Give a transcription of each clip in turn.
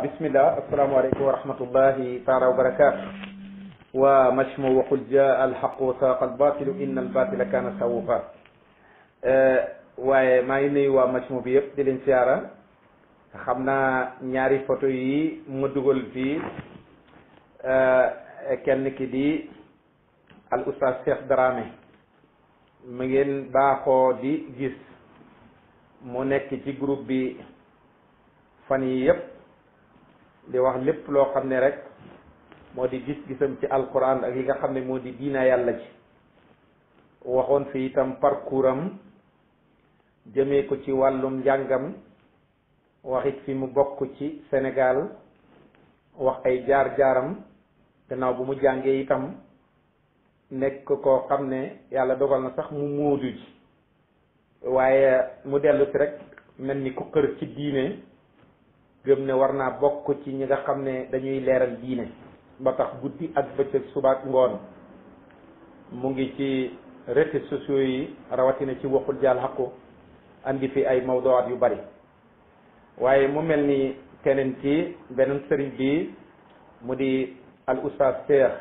bismillah asalaamaaleykum wa rahmatullahi taala wa barakaatu waa machmo waqul jaa alxaqu wa saaqa albatilu inna albatila kaana sawufa eh, waaye maa ngi nuyu waa machmo bi yëpp di leen siyaara xam naa ñaari photo yi ma dugal fii eh, kenn ki di al oustaz Cheikh Dramé mu ngeen baaxoo di gis mu nekk ci groupe bi fan yi yëpp di wax lépp loo xam ne rek moo di gis-gisam ci alquran ak li nga xam ne moo di diina yàlla ji waxoon fi itam parcours am jëmee ko ci wàllum njàngam waxit fi mu bokk ci Sénégal wax ay jaar-jaaram gannaaw bu mu jàngee itam nekk koo xam ne yàlla dogal na sax mu móodu ji waaye mu dellu si rek mel ni ku xër ci diine gëm ne war naa bokk ci ñi nga xam ne dañuy leeral diine ba tax guddi ak bëccëg subaak ngoon mu ngi ci réseaux sociaux yi rawatina ci waxul jaal xaqu andi fi ay mawduwaat yu bari waaye mu mel ni keneen ci beneen sëriñ bi mu di al oustaz Cheikh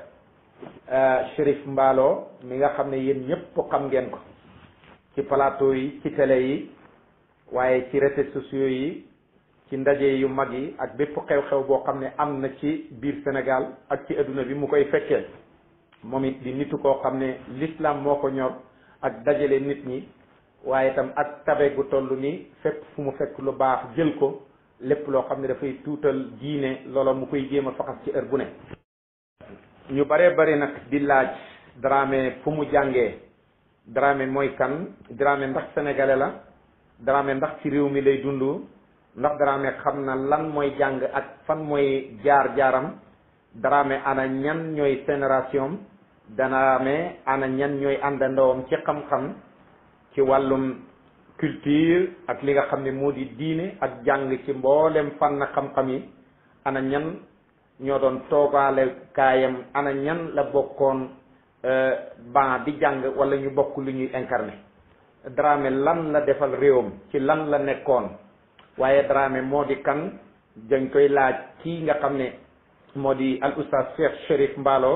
euh, Chérif Mballo mi nga xam ne yéen ñëpp xam ngeen ko ci palato yi ci télé yi waaye ci réseaux sociaux yi ci ndaje yu mag yi ak bépp xew-xew boo xam ne am na ci biir Sénégal ak ci adduna bi mu koy fekkee moom it di nitu koo xam ne l'islam moo ko ñor ak dajale nit ñi waaye itam ak tabe gu toll ni fépp fu mu fekk lu baax jël ko lépp loo xam ne dafay tuutal diine loola mu koy jéem a faxas ci heure bu ne ñu bare bari nag di laaj Dramé fu mu jàngee drame mooy kan Dramé ndax sénégalais la Dramé ndax ci réew mi lay dund ndax Dramé xam na lan mooy jàng ak fan mooy jaar-jaaram Dramé ana ñan ñooy génération Dramé ana ñan ñooy àndandoom ci xam-xam ci wàllum culture ak li nga xam ne moo di diine ak jàng ci mboolem fànn xam-xam yi ana ñan ñoo doon toogaale kaayam ana ñan la bokkoon euh, ban di jàng wala ñu bokk lu ñuy incarné Dramé lan la defal réewam ci lan la nekkoon waaye Dramé moo di kan dañ koy laaj kii nga xam ne moo di al oustaz Cheikh Chérif Mballo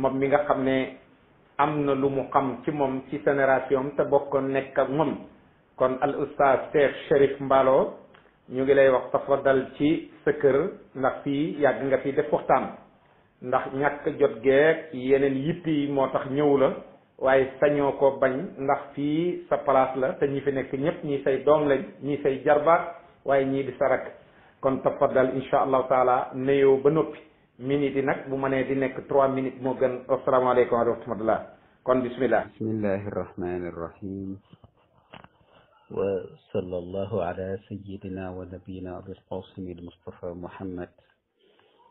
moom mi nga xam ne am na lu mu xam ci moom ci génération te bokkoon nekk ak moom kon al oustaz Cheikh Chérif Mballo ñu ngi lay wax dal ci sa kër ndax fii yàgg nga fi def waxtaan ndax ñàkk jot geek yeneen yitt moo tax ñëw la waaye sañoo ko bañ ndax fii sa place la te ñi fi nekk ñëpp ñi say doom lañ ñi say jarbaat waaye ñii di sa rakk kon tafaddal incha allahu taala nuyoo ba noppi minutes yi nag bu mënee di nekk trois minutes moo gën asalaamaaleykum wa rahmatullah kon bismillah bismillahi rahmani rahim wa sallallahu ala sayidina wa nabiyina abil qasim al mustafa muhammad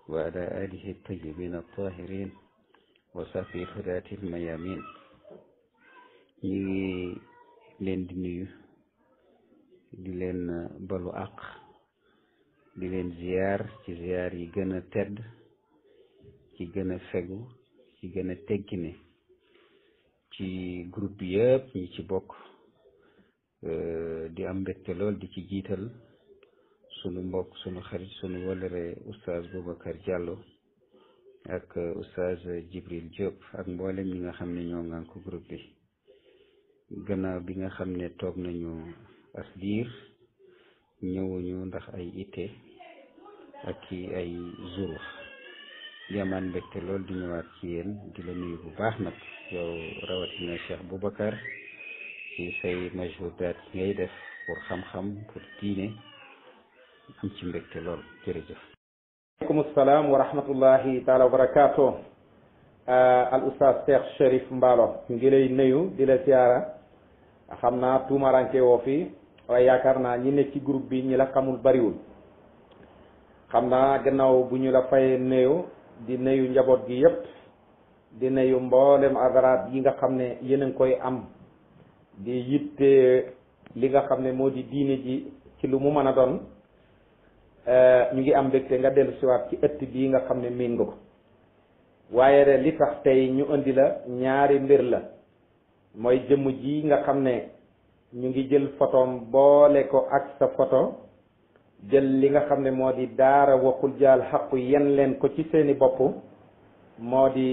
wa ala alihi tayyibin atahirin wa sahbi fudati al mayamin ñu ngi leen di nuyu di leen euh, balu àq di leen ziar ci ziar yi gën a tedd ci gën a fegu ci gën a teggine ci group bi yëpp ñi ci bokk euh, di am mbégte lool di ci jiital sunu mbokk sunu xarit sunu walëre oustaz Boubacar Diallo ak euh, oustaz Jibril jëpp ak mboolem ñi nga xam ne ñoo ngan ko groupe bi gannaaw bi nga xam ne toog nañu as diir ñëwuñu ndax ay itte ak ay zuruf di amaan lool di ñëwaat ci di la nuyu bu baax nag yow rawatina Cheikh Boubacar ci say majhudaat yi ngay def pour xam-xam pour diine am ci mbégte lool jërëjëf aleykum asalaam wa rahmatullahi taala wa barakaatu al oustaz Cheikh Chérif Mballo ngi lay nuyu di la siyaara xam naa tuumaranke woo waaye yaakaar naa ñi nekk ci group bi ñi la xamul bariwul xam naa gannaaw bu ñu la fayee nuyu di nuyu njaboot gi yépp di nuyu mboolem adaraat yi nga xam ne yéen koy am di yitte li nga xam ne moo di diine ji ci lu mu mën a doon eh, ñu ngi am mbégte nga dellu siwaat ci ëtt bii nga xam ne miin nga ko waaye de li tax tey ñu indi la ñaari mbir la mooy jëmm ji nga xam ne ñu ngi jël photom boole ko ak sa foto jël li nga xam ne moo di daara waxul jaal xaqu yen leen ko ci seeni bopp moo di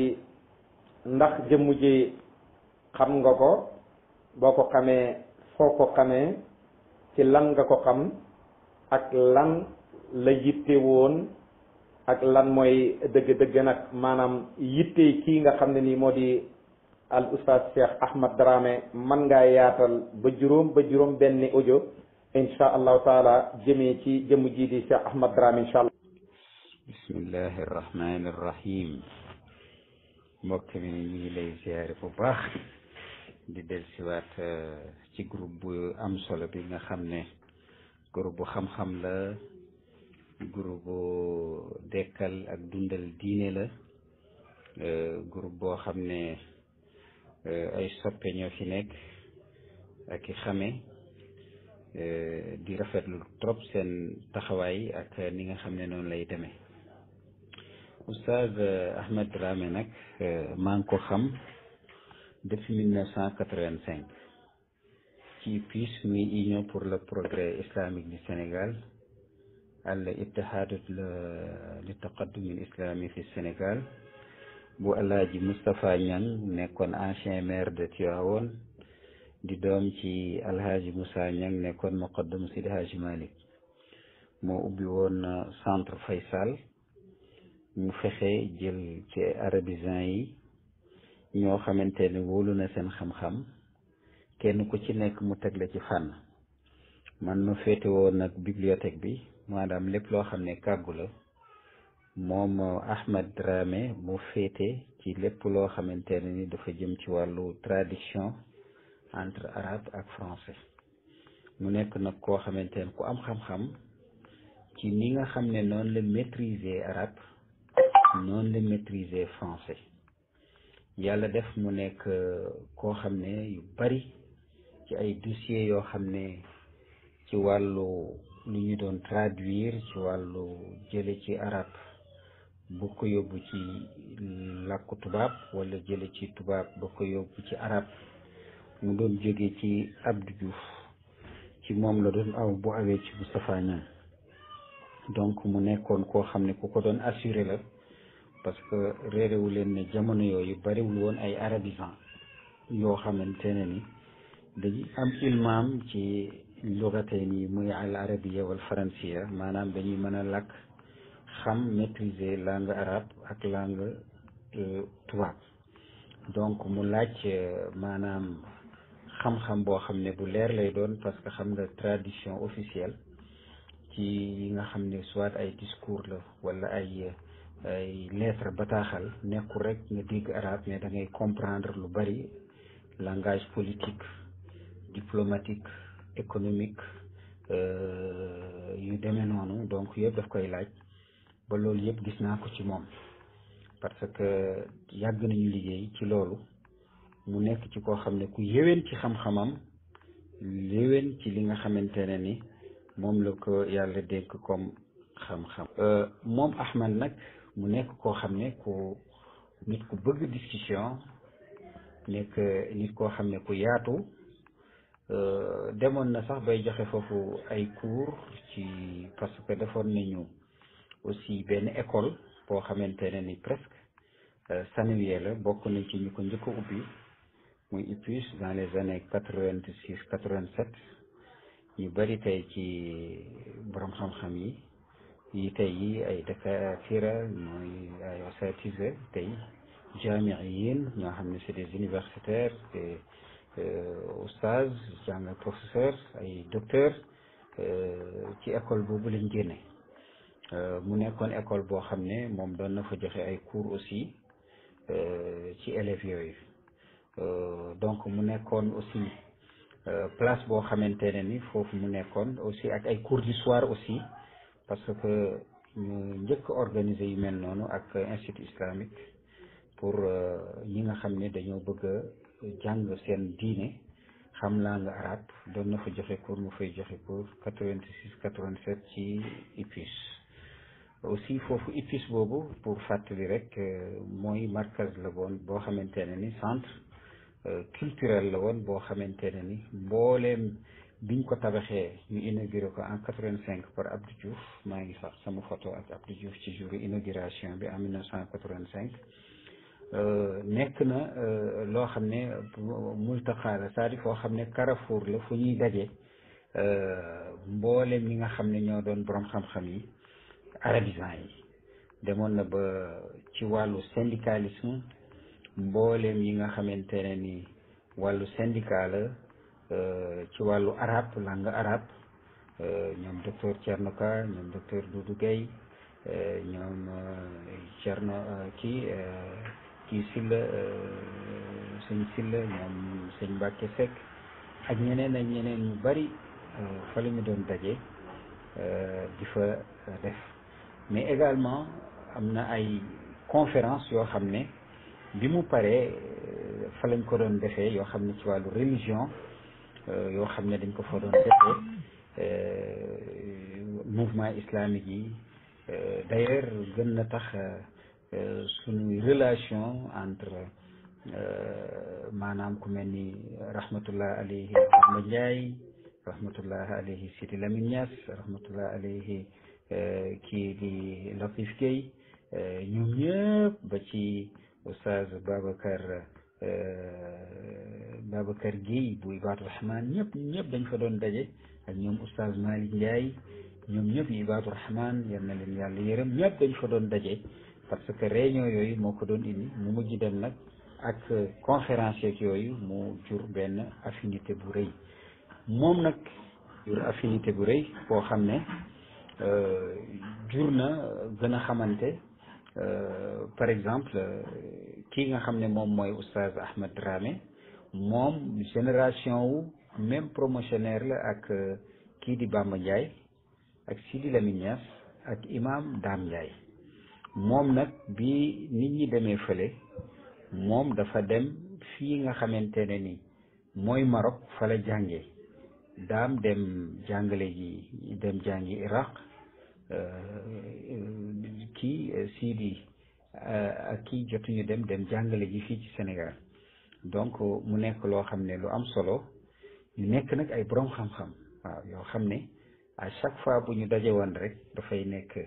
ndax jëmm ji xam nga ko boo ko xamee foo ko xamee ci lan nga ko xam ak lan la yitte woon ak lan mooy dëgg-dëgg nag maanaam yitte kii nga xam ne nii moo di al oustaz Cheikh Ahmad Dramé mën ngaa yaatal ba juróom ba juróom benni audio incha allahu taala jëmee ci jëmm ji di Cheikh Ahmad Dramé incha allah. bismillahi irrahmani irrahim mbokk mi ñu ngi lay ziare bu baax di dellusiwaat euh, ci groupe bu am solo bi nga xam ne groupe bu xam-xam la groupe bu dekkal ak dundal diine la euh, groupe boo xam ne ay soppe ñoo fi nekk ak i xame di rafetlu trop seen taxawaay ak ni nga xam ne noonu lay demee oustaz Ahmed Dramé nag maa ngi ko xam depuis mille neuf cent quatre-vingt-cinq ci PUS muy union pour le progrès islamique du Sénégal al ittihad li taqaddum al islami fi Sénégal bu alaaji Moustapha Niang nekkoon ancien maire de Tivaouane di doom ci alhaaji Moussa Niang nekkoon muqaddam Sidi Haaji Malick moo ubbi woon euh, centre Faysal mu fexe jël ci arabisants yi ñoo xamante ne wóolu na seen xam-xam kenn ku ci nekk mu teg la ci fànn man ma féete woon nag bibliothèque bi maanaam lépp loo xam ne kàggu la moom Ahmed Dramé mu féete ci lépp loo xamante ne ni dafa jëm ci wàllu tradition entre arabe ak français mu nekk nag koo xamante ku am xam-xam ci ni nga xam ne noonu la maîtriser arabe noonu la maîtriser français yàlla def mu nekk euh, koo xam ne yu bari ci ay dossiers yoo xam ne ci wàllu lu ñu doon traduire ci wàllu jële ci arabe bu ko yóbbu ci làkku tubaab wala jële ci tubaab ba ko yóbbu ci arab mu doon jóge ci Abdou Diouf ci moom la doon aw bu awee ci Moustapha Niang donc mu nekkoon koo xam ne ku ko doon assuré la parce que réeréwu leen ne jamono yooyu bariwul woon ay arabisant yoo xamante ne ni dañuy am ilmaam ci lugatay nii muy al arabiya wal faransiya maanaam dañuy mën a làkk xam maîtriser langue arabe ak langue euh, tubaab donc mu laaj euh, maanaam xam-xam boo xam ne bu leer lay doon parce que xam nga tradition officielle ci yi nga xam ne soit ay discours la wala ay ay lettre bataaxal nekkul rek nga dégg arabe mais dangay comprendre lu bari langage politique diplomatique économique euh, yu demee noonu donc yëpp daf koy laaj ba loolu yëpp gis naa ko ci moom parce que yàgg nañu liggéey ci loolu mu nekk ci koo xam ne ku yéwén ci xam-xamam yéwén ci li nga xamante ne ni moom la ko yàlla dénk comme xam-xam euh, moom Ahmad nag mu nekk koo xam ne ku nit ku bëgg discussion nekk nit koo xam ne ku yaatu euh, demoon na sax bay joxe foofu ay cours ci parce que defoon na nañu aussi benn école boo xamante ne ni presque euh, sanuye la bokk nañ ci ñu ko njëkk a ubbi muy IPUS dans les années quatre vingt six quatre vingt sept ñu bëri tey ci borom xam-xam yi yi tey yi ay dakatira mooy ay osatise tey jaamiyin ñoo xam ne c'est des universitaires des euh, oustaz jàng professeur ay docteur euh, ci école boobu lañu génne Euh, mu nekkoon école boo xam ne moom doon na fa joxe ay cours aussi euh, ci élèves yooyu euh, donc mu nekkoon aussi place boo xamante ne ni foofu mu nekkoon aussi ak ay cours du aussi parce que ñu njëkk organiser yi mel noonu ak institut islamique pour yi nga xam ne dañoo bëgg a jàng seen diine xam nga arabe doon na fa joxe cours mu fay joxe cours 86 87 ci IPUS. aussi foofu ITFIS boobu pour fàttali rek euh, mooy markaz la woon boo xamante ne ni centre euh, culturel la woon boo xamante ne ni mbooleem biñ ko tabaxee ñu inauguré ko en quatre cinq par Abdou Diouf maa ngi sax sama photo ak Abdou Diouf ci jour inauguration bi en mille neuf cent quatre vingt cinq euh, nekk na loo xam ne multaqa la cest à foo xam ne carrefour la fu ñuy daje mbooleem ñi nga xam ne ñoo doon borom xam-xam yi arabisants yi demoon na ba ci wàllu syndicalisme mbooleem yi nga xamante ne ni wàllu syndicat euh, ci wàllu arab langue arabe euh, ñoom docteur Thierno Ka ñoom docteur Doudou euh, ñoom Thierno kii kii Silla sëñ Silla ñoom sëñ Mbacke Seck ak ñeneen ak ñeneen ñu bari fa la ñu doon daje di fa def mais également am na ay conférence yoo xam ne bi mu paree euh, fa lañ ko doon defee yoo xam ne ci wàllu religion euh, yoo xam ne dañ ko fa doon defee euh, mouvement islamique yi d'ailleurs gën na tax suñuy relation entre maanaam ku mel ni rahmatullah alayhi Ahmad Ndiaye rahmatullah alayhi Sidi Lamine Niass rahmatullah alayhi kii di Latif Gueye ñoom ñëpp ba ci oustaz Babacar Babacar Gueye bu Ibaadu Rahman ñëpp ñëpp dañ fa doon daje ak ñoom oustaz Malick Ndiaye ñoom ñëpp ñu Ibaadu Rahman yal na leen yàlla yërëm ñëpp dañ fa doon daje parce que réunion yooyu moo ko doon indi mu mujj dem nag ak conférence yeeg yooyu mu jur benn affinité bu rëy moom nag jur affinité bu rëy boo xam ne Euh, jur na euh, gën a xamante euh, par exemple kii nga xam ne moom mooy oustaz Ahmed Dramé moom génération wu même promotionnaire la ak kii di Bamba Ndiaye ak Sidi Lamine ak imaam Dame Ndiaye moom nag bi nit ñi demee fële moom dafa dem fii nga xamante ne ni mooy Maroc fa la jàngee daam dem jàngale ji dem jàngi iraq ci euh, Sidi euh, ak kii jotuñu dem dem jàngale ji fii ci Sénégal donc mu nekk loo xam ne lu am solo ñu nekk nag ay borom xam-xam waaw yoo xam ne à chaque fois bu ñu daje woon rek dafay nekk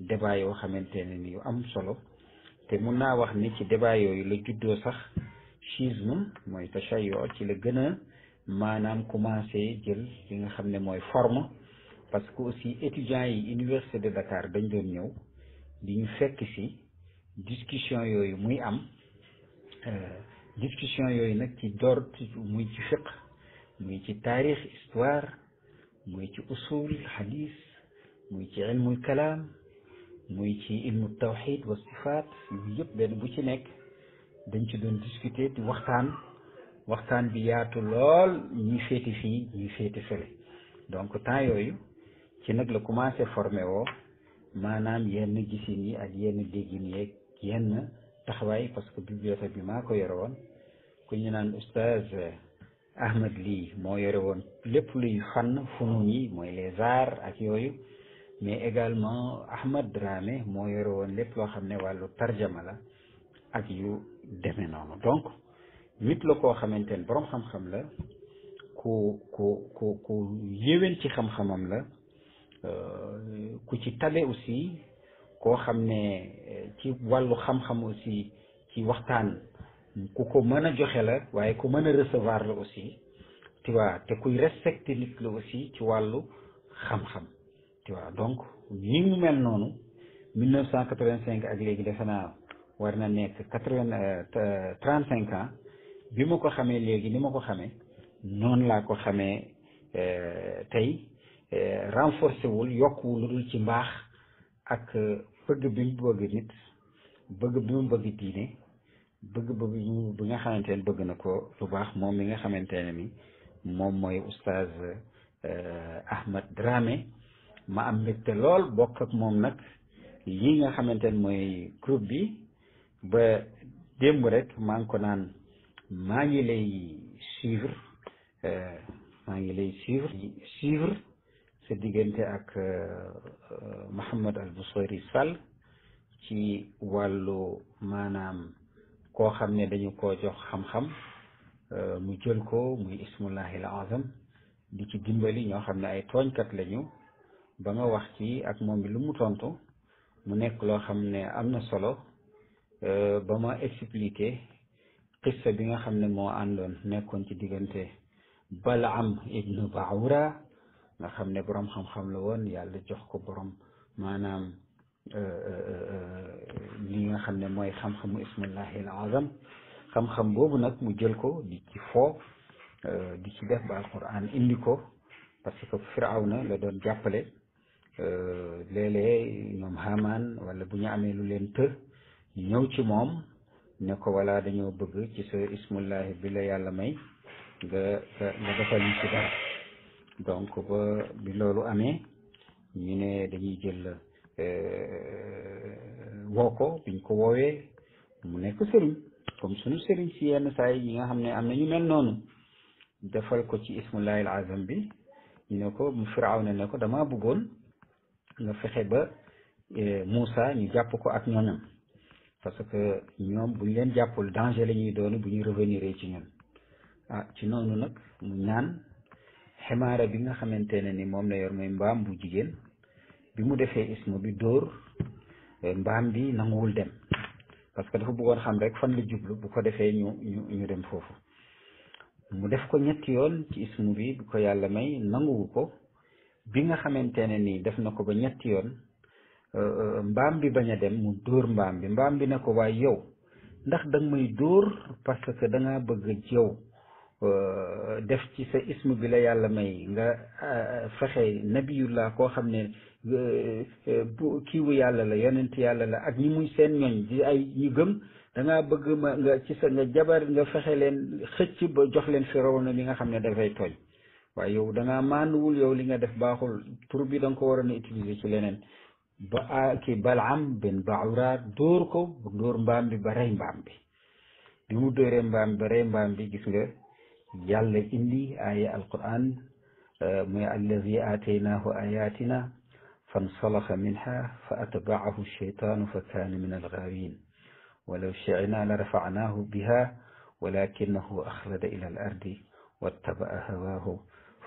débat yoo xamante ne ni yu am solo te mun naa wax ni ci débat yooyu la juddoo sax schisme mooy tashayyu ci la gën a maanaam commencé jël li nga xam ne mooy forme parce que aussi étudiants yi université de Dakar dañ doon ñëw di ñu fekk ci discussion yooyu muy am euh, discussion yooyu nag ci door muy ci fiqh muy ci taarix histoire muy ci usul hadis muy ci ilmul kalaam muy ci ilmu tawxid wa sifaat yooyu yëpp benn bu ci nekk dañ ci doon discuter di waxtaan waxtaan bi yaatu lool ñi féeti fii ñi féeti fële donc temps yooyu ci nag la commencé formé woo maanaam yenn gisin yi ak yenn déggin yeeg yenn taxawaay parce que bibliothèque bi maa ko yore woon ku ñu naan oustaz Ahmed lii moo yore woon lépp luy fànn funun yi mooy les arts ak yooyu mais également Ahmed Dramé moo yore woon lépp loo xam ne wàllu tarjama la ak yu deme noonu donc nit la koo xamante ne boroom xam-xam la ku ku ku ku yéwén ci xam-xamam la euh, ku ci tabe aussi koo xam ne euh, ci wàllu xam-xam aussi ci waxtaan ku ko mën a joxe la waaye ku mën a recevoir la aussi ti waa te kuy respecter nit la aussi ci wàllu xam-xam tu vois donc ni mu mel noonu ak léegi defe naa war na nekk quatre-vingt euh, cinq ans bi ma ko xamee léegi ni ma ko xamee noonu laa ko xamee euh, tey euh, renforcé wul yokkuwul lu dul ci mbaax ak euh, bëgg bi mu bëgg nit bëgg bi mu bëgg diine bëgg bëgg bi nga xamante ne bëgg na ko lu baax moom mi nga xamante ne ni moom mooy oustaz Ahmed Dramé ma am mbégte lool bokk ak moom nag lii nga xamante ne mooy groupe bi ba démb rek maa ngi ko naan maa ngi lay suivre euh, maa ngi lay suivre suivre sa diggante ak euh, Mouhamed Al Boussoyri Sall ci wàllu maanaam koo xam ne dañu ko jox xam-xam euh, mu jël ko muy ismullahi al azam ci dimbali ñoo xam ne ay tooñkat lañu ba nga wax ci ak moom bi lu mu tontu mu nekk loo xam ne am na solo ba ma expliqué qissa bi nga xam ne moo àndoon nekkoon ci diggante Balaam ibnu Baawura nga xam ne boroom xam-xam la woon yàlla jox ko boroom maanaam euh, euh, euh, li nga xam ne mooy xam-xamu ismullahi al azam xam-xam boobu nag mu jël ko di ci foo di ci def ba alquran indi ko parce que na la doon jàppale léeg-léeg ñoom Haman wala bu ñu amee lu leen të ñëw ci moom ne ko wala dañoo bëgg ci sa ismullahi bi yàlla may nga nga defal ñu ci dara donc ba bi loolu amee ñu ne dañuy jël euh, woo ko biñ ko woowee mu nekk sëriñ comme sunu sëriñ si yenn saa yi nga xam ne am na ñu mel noonu defal ko ci ismullahil azam bi ñu ne ko mu firaaw ne ne ko dama bëggoon nga fexe ba euh, Moussa ñu jàpp ko ak ñooñam parce que ñoom bu ñu leen jàppul danger la ñuy doon bu ñu revenir ci ñun ah ci noonu nag mu ñaan xemaara bi nga xamante ne ni moom la yor mooy mbaam bu jigéen bi mu defee ismu bi dóor eh, mbaam bi nanguwul dem parce que dafa bëggoon xam rek fan la jublu bu ko defee ñu ñu ñu dem foofu mu def ko ñetti yoon ci ismu bi bu ko yàlla may nanguwu ko bi nga xamante ne ni def na ko ba ñetti yoon Euh, euh, mbaam bi bañ a dem mu dóor mbaam bi mbaam bi ne ko waaye yow ndax danga may dóor parce que da ngaa bëgg yow euh, def ci sa ismu bi la yàlla may nga fexe nabiyullah koo xam ne kiiwu yàlla la yonent yàlla la ak ñi muy seen ñooñ di ay ñu gëm da bëgg ma nga ci sa nga jabar nga fexe leen xëcc ba jox leen na mi nga xam ne dafay tooñ waaye yow da ngaa yow li nga def baaxul pour bi da nga ko waroon a utiliser ci leneen ba kii Balaam bin Baawura dóor ko dóor mbaam bi ba rey mbaam bi bi mu dóoree mbaam bi ba rey mbaam bi gis nga yàlla indi aaya alquran e, muy allazi aataynaahu ayatina fansalaxa minha fa atbaahu sheytaanu fa kaana min algaawin walaw shi'naa la rafacnaahu biha walakinahu axlada ila al ardi wattabaa hawaahu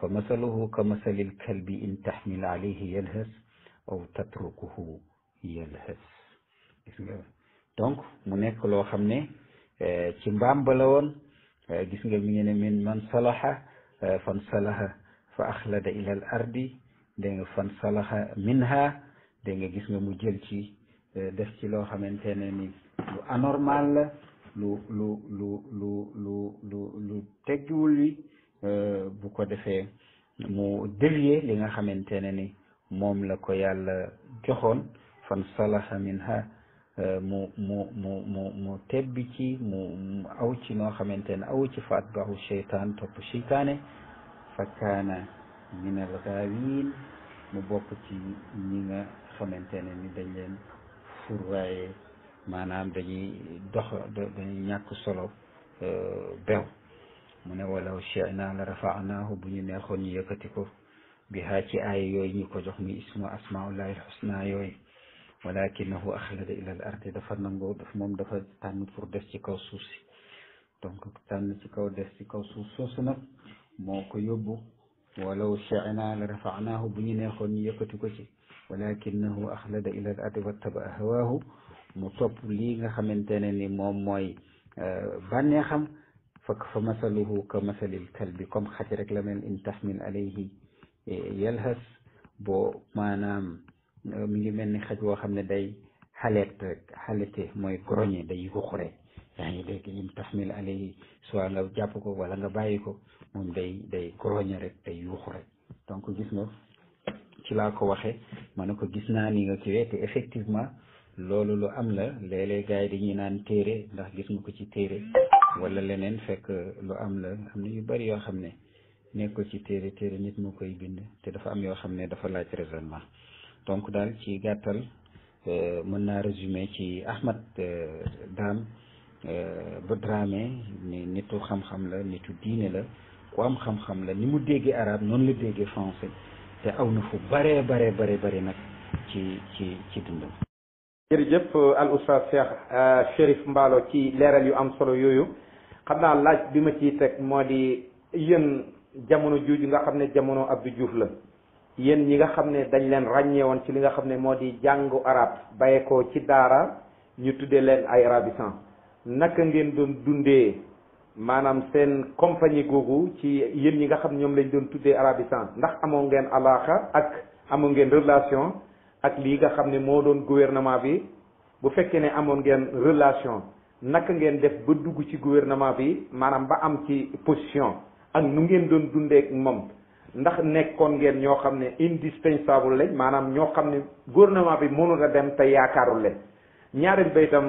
fa masaluhu ka masali alkalbi in taxmil alayhi yalhas aw tatrukuhu yelhës gis nga donc mu nekk loo xam ne eh, ci mbaam ba la woon eh, gis nga mi ngi ne min man salaxa eh, fan salaxa fa axlada ila ardi dégg fan salaxa minha dégg nga gis nga mu jël ci def ci loo xamante ne ni lu anormal la lu lu lu lu lu lu lu teggiwul yi bu ko defee mu dévier li nga xamante ne ni moom la ko yàlla joxoon fan salaha minha euh, mu mu mu mu mu tebbi ci mu mu aw ci noo xamante ne aw ci fa atbaahu cheytaan topp cheytaane fa kaana min al gaawin mu bokk ci ñi nga xamante ne ni dañ leen furwaaye maanaam dañuy dox dañuy ñàkk solo euh, bew mu ne walaw shi'naa la rafa'naahu bu ñu neexoon ñu yëkkati ko bihaa ci aaya yooyu ñu ko jox mi ismu asmaullahi alxusna yooyu walakinahu axlada ila al ardi dafa nangoo daf moom dafa tànn pour des ci kaw suuf si donc tànn ci kaw ci kaw suuf soosu nag moo ko yóbbu walaw shanaa la rafaanaahu bu ñu neexoon ñu yëkkati ko ci walakinahu axlada ila al ardi wattaba hawaahu mu topp lii nga xamante ne ni moom mooy euh, bànneexam fakk fa masaluhu ka masalil kalbi comme xaj rek la mel in tahmin alayhi yalxas boo maanaam euh, mi ngi mel ni xaj woo xam ne day xaleet rek xalete mooy groñe day yuux rek yaa ngi dégg im taxmil alayhi soit nga jàpp ko wala nga bàyyi ko moom day day groñe rek day yuuxu donc gis nga ci laa ko waxe ma ko gis naa ni nga kiwee te effectivement loolu lu am la léeg-léeg yi dañuy naan téere ndax gis nga ko ci téere wala leneen fekk lu am la am na yu bari yoo xam ne nekkul ci téere téere nit moo koy bind te dafa am yoo xam ne dafa laaj raisonnement donc daal ci gàttal euh, mën naa résumer ci Ahmad euh, Dame euh, Dramé ni nitu xam-xam la nitu diine la ku am xam-xam la ni mu déggee arabe noonu la déggee français te aw na fu bare bare bare bare nag ci ci ci dundam jërëjëf al oustaz Cheikh Chérif Mballo ci leeral yu am solo yooyu xam naa laaj bi ma ciy teg moo di yéen jamono jooju nga xam ne jamono Abdou Diouf la yéen ñi nga xam ne dañ leen ràññee woon ci li nga xam ne moo di jàngu arab bàyyeekoo ci daara ñu tuddee leen ay arabisant naka ngeen doon dundee maanaam seen compagnie googu ci yéen ñi nga xam ñoom lañ doon tuddee arabisant ndax amoon ngeen alaaxa ak amoo ngeen relation ak lii nga xam ne moo doon gouvernement bi bu fekkee ne amoon ngeen relation naka ngeen def ba dugg ci gouvernement bi maanaam ba am ci position ak nu ngeen doon dundeek moom ndax nekkoon ngeen ñoo xam ne indispensable lañ maanaam ñoo xam ne gouvernement bi mënul a dem te yaakaarul leen ñaareel ba itam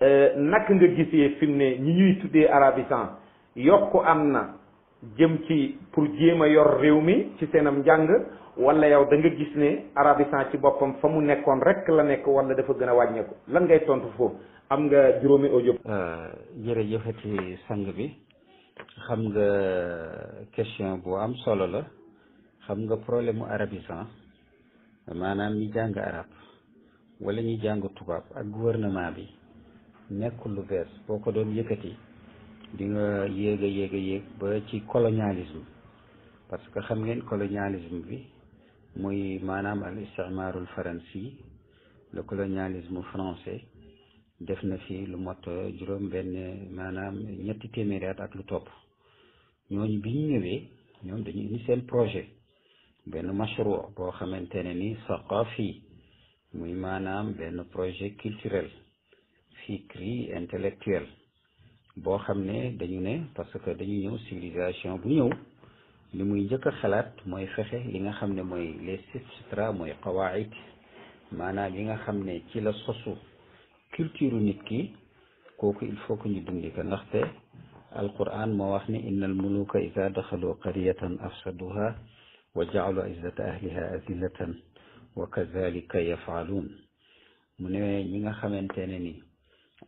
euh, naka nga gisee fi ne ñi ñuy tuddee arabisant yokku am na jëm ci pour jéem a yor réew mi ci seenam njàng wala yow da nga gis ne arabisant ci boppam fa mu nekkoon rek la nekk wala dafa gën a wàññeeku lan ngay tontu foofu am nga juróomi audio. Euh, jërëjëfati sang bi. xam nga question bu am solo la xam nga problème mu arabisant maanaam ñi jàng arab wala ñi jàng tubaab ak gouvernement bi nekkul lu bees boo ko doon yëkkati di nga yéeg a yéeg a yéeg ba ci colonialisme parce que xam ngeen colonialisme bi muy maanaam al isticmaarul faransi le colonialisme français def na fi lu mot juróom benn maanaam ñetti téeméeri at ak lu topp ñooñu bi ñu ñëwee ñoom dañu indi seen projet benn mashru boo xamante ne ni soqo fii muy maanaam benn projet culturel fikri intellectuel boo xam ne dañu ne parce que dañu ñëw civilisation bu ñëw li muy njëkk a xalaat mooy fexe li nga xam ne mooy les substrats mooy qawaid maanaam yi nga xam ne ci la sosu culture nit ki kooku il faut que ñu dundi ko ndaxte alquran moo wax ni inna al muluka ida daxalu qaryatan afsaduha wa jaalu izzata ahliha azillatan wa kazalika mu ne ñi nga xamante ne ni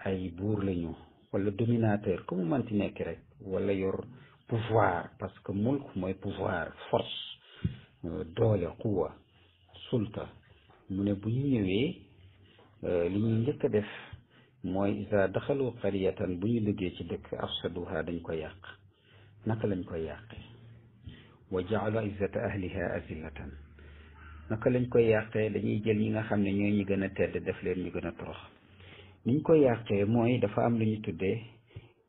ay buur lañu wala dominateur ku man manti nekk rek wala yor pouvoir parce que mulk mooy pouvoir force doole quwa sulta mu ne bu ñu ñëwee Euh, li ñuy njëkk a def mooy isa daxalu xariyatan bu ñu liggéey ci dëkk afsaduha dañ koy yàq naka lañ koy yàqe wa jaala izzata ahliha azillatan naka lañ koy yàqee dañuy jël ñi nga xam ne ñooy ñu gën a tedd def leen ñu gën a torox niñ koy yàqee mooy dafa am lu ñu tuddee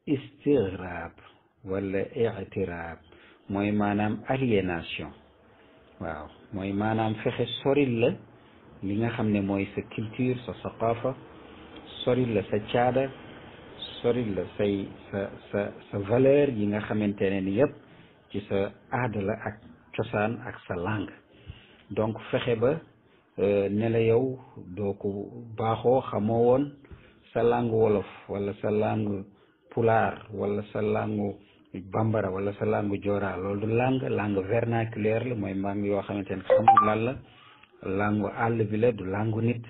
istigraab wala itiraab mooy maanaam aliénation waaw mooy maanaam fexe soril la li nga xam ne mooy sa culture sa saqaafa soril la sa caada soril la say sa sa valeur yi nga xamante ne ni yëpp ci sa aada la ak cosaan ak sa langue donc fexe ba euh, ne la yow doo ko baaxoo xamoo woon sa langue wolof wala sa langue pulaar wala sa langue bambara wala sa langue joora loolu du langue langue vernaculaire la mooy mbaam yoo xamante ne xamul lan la làngu àll bi la du làngu nit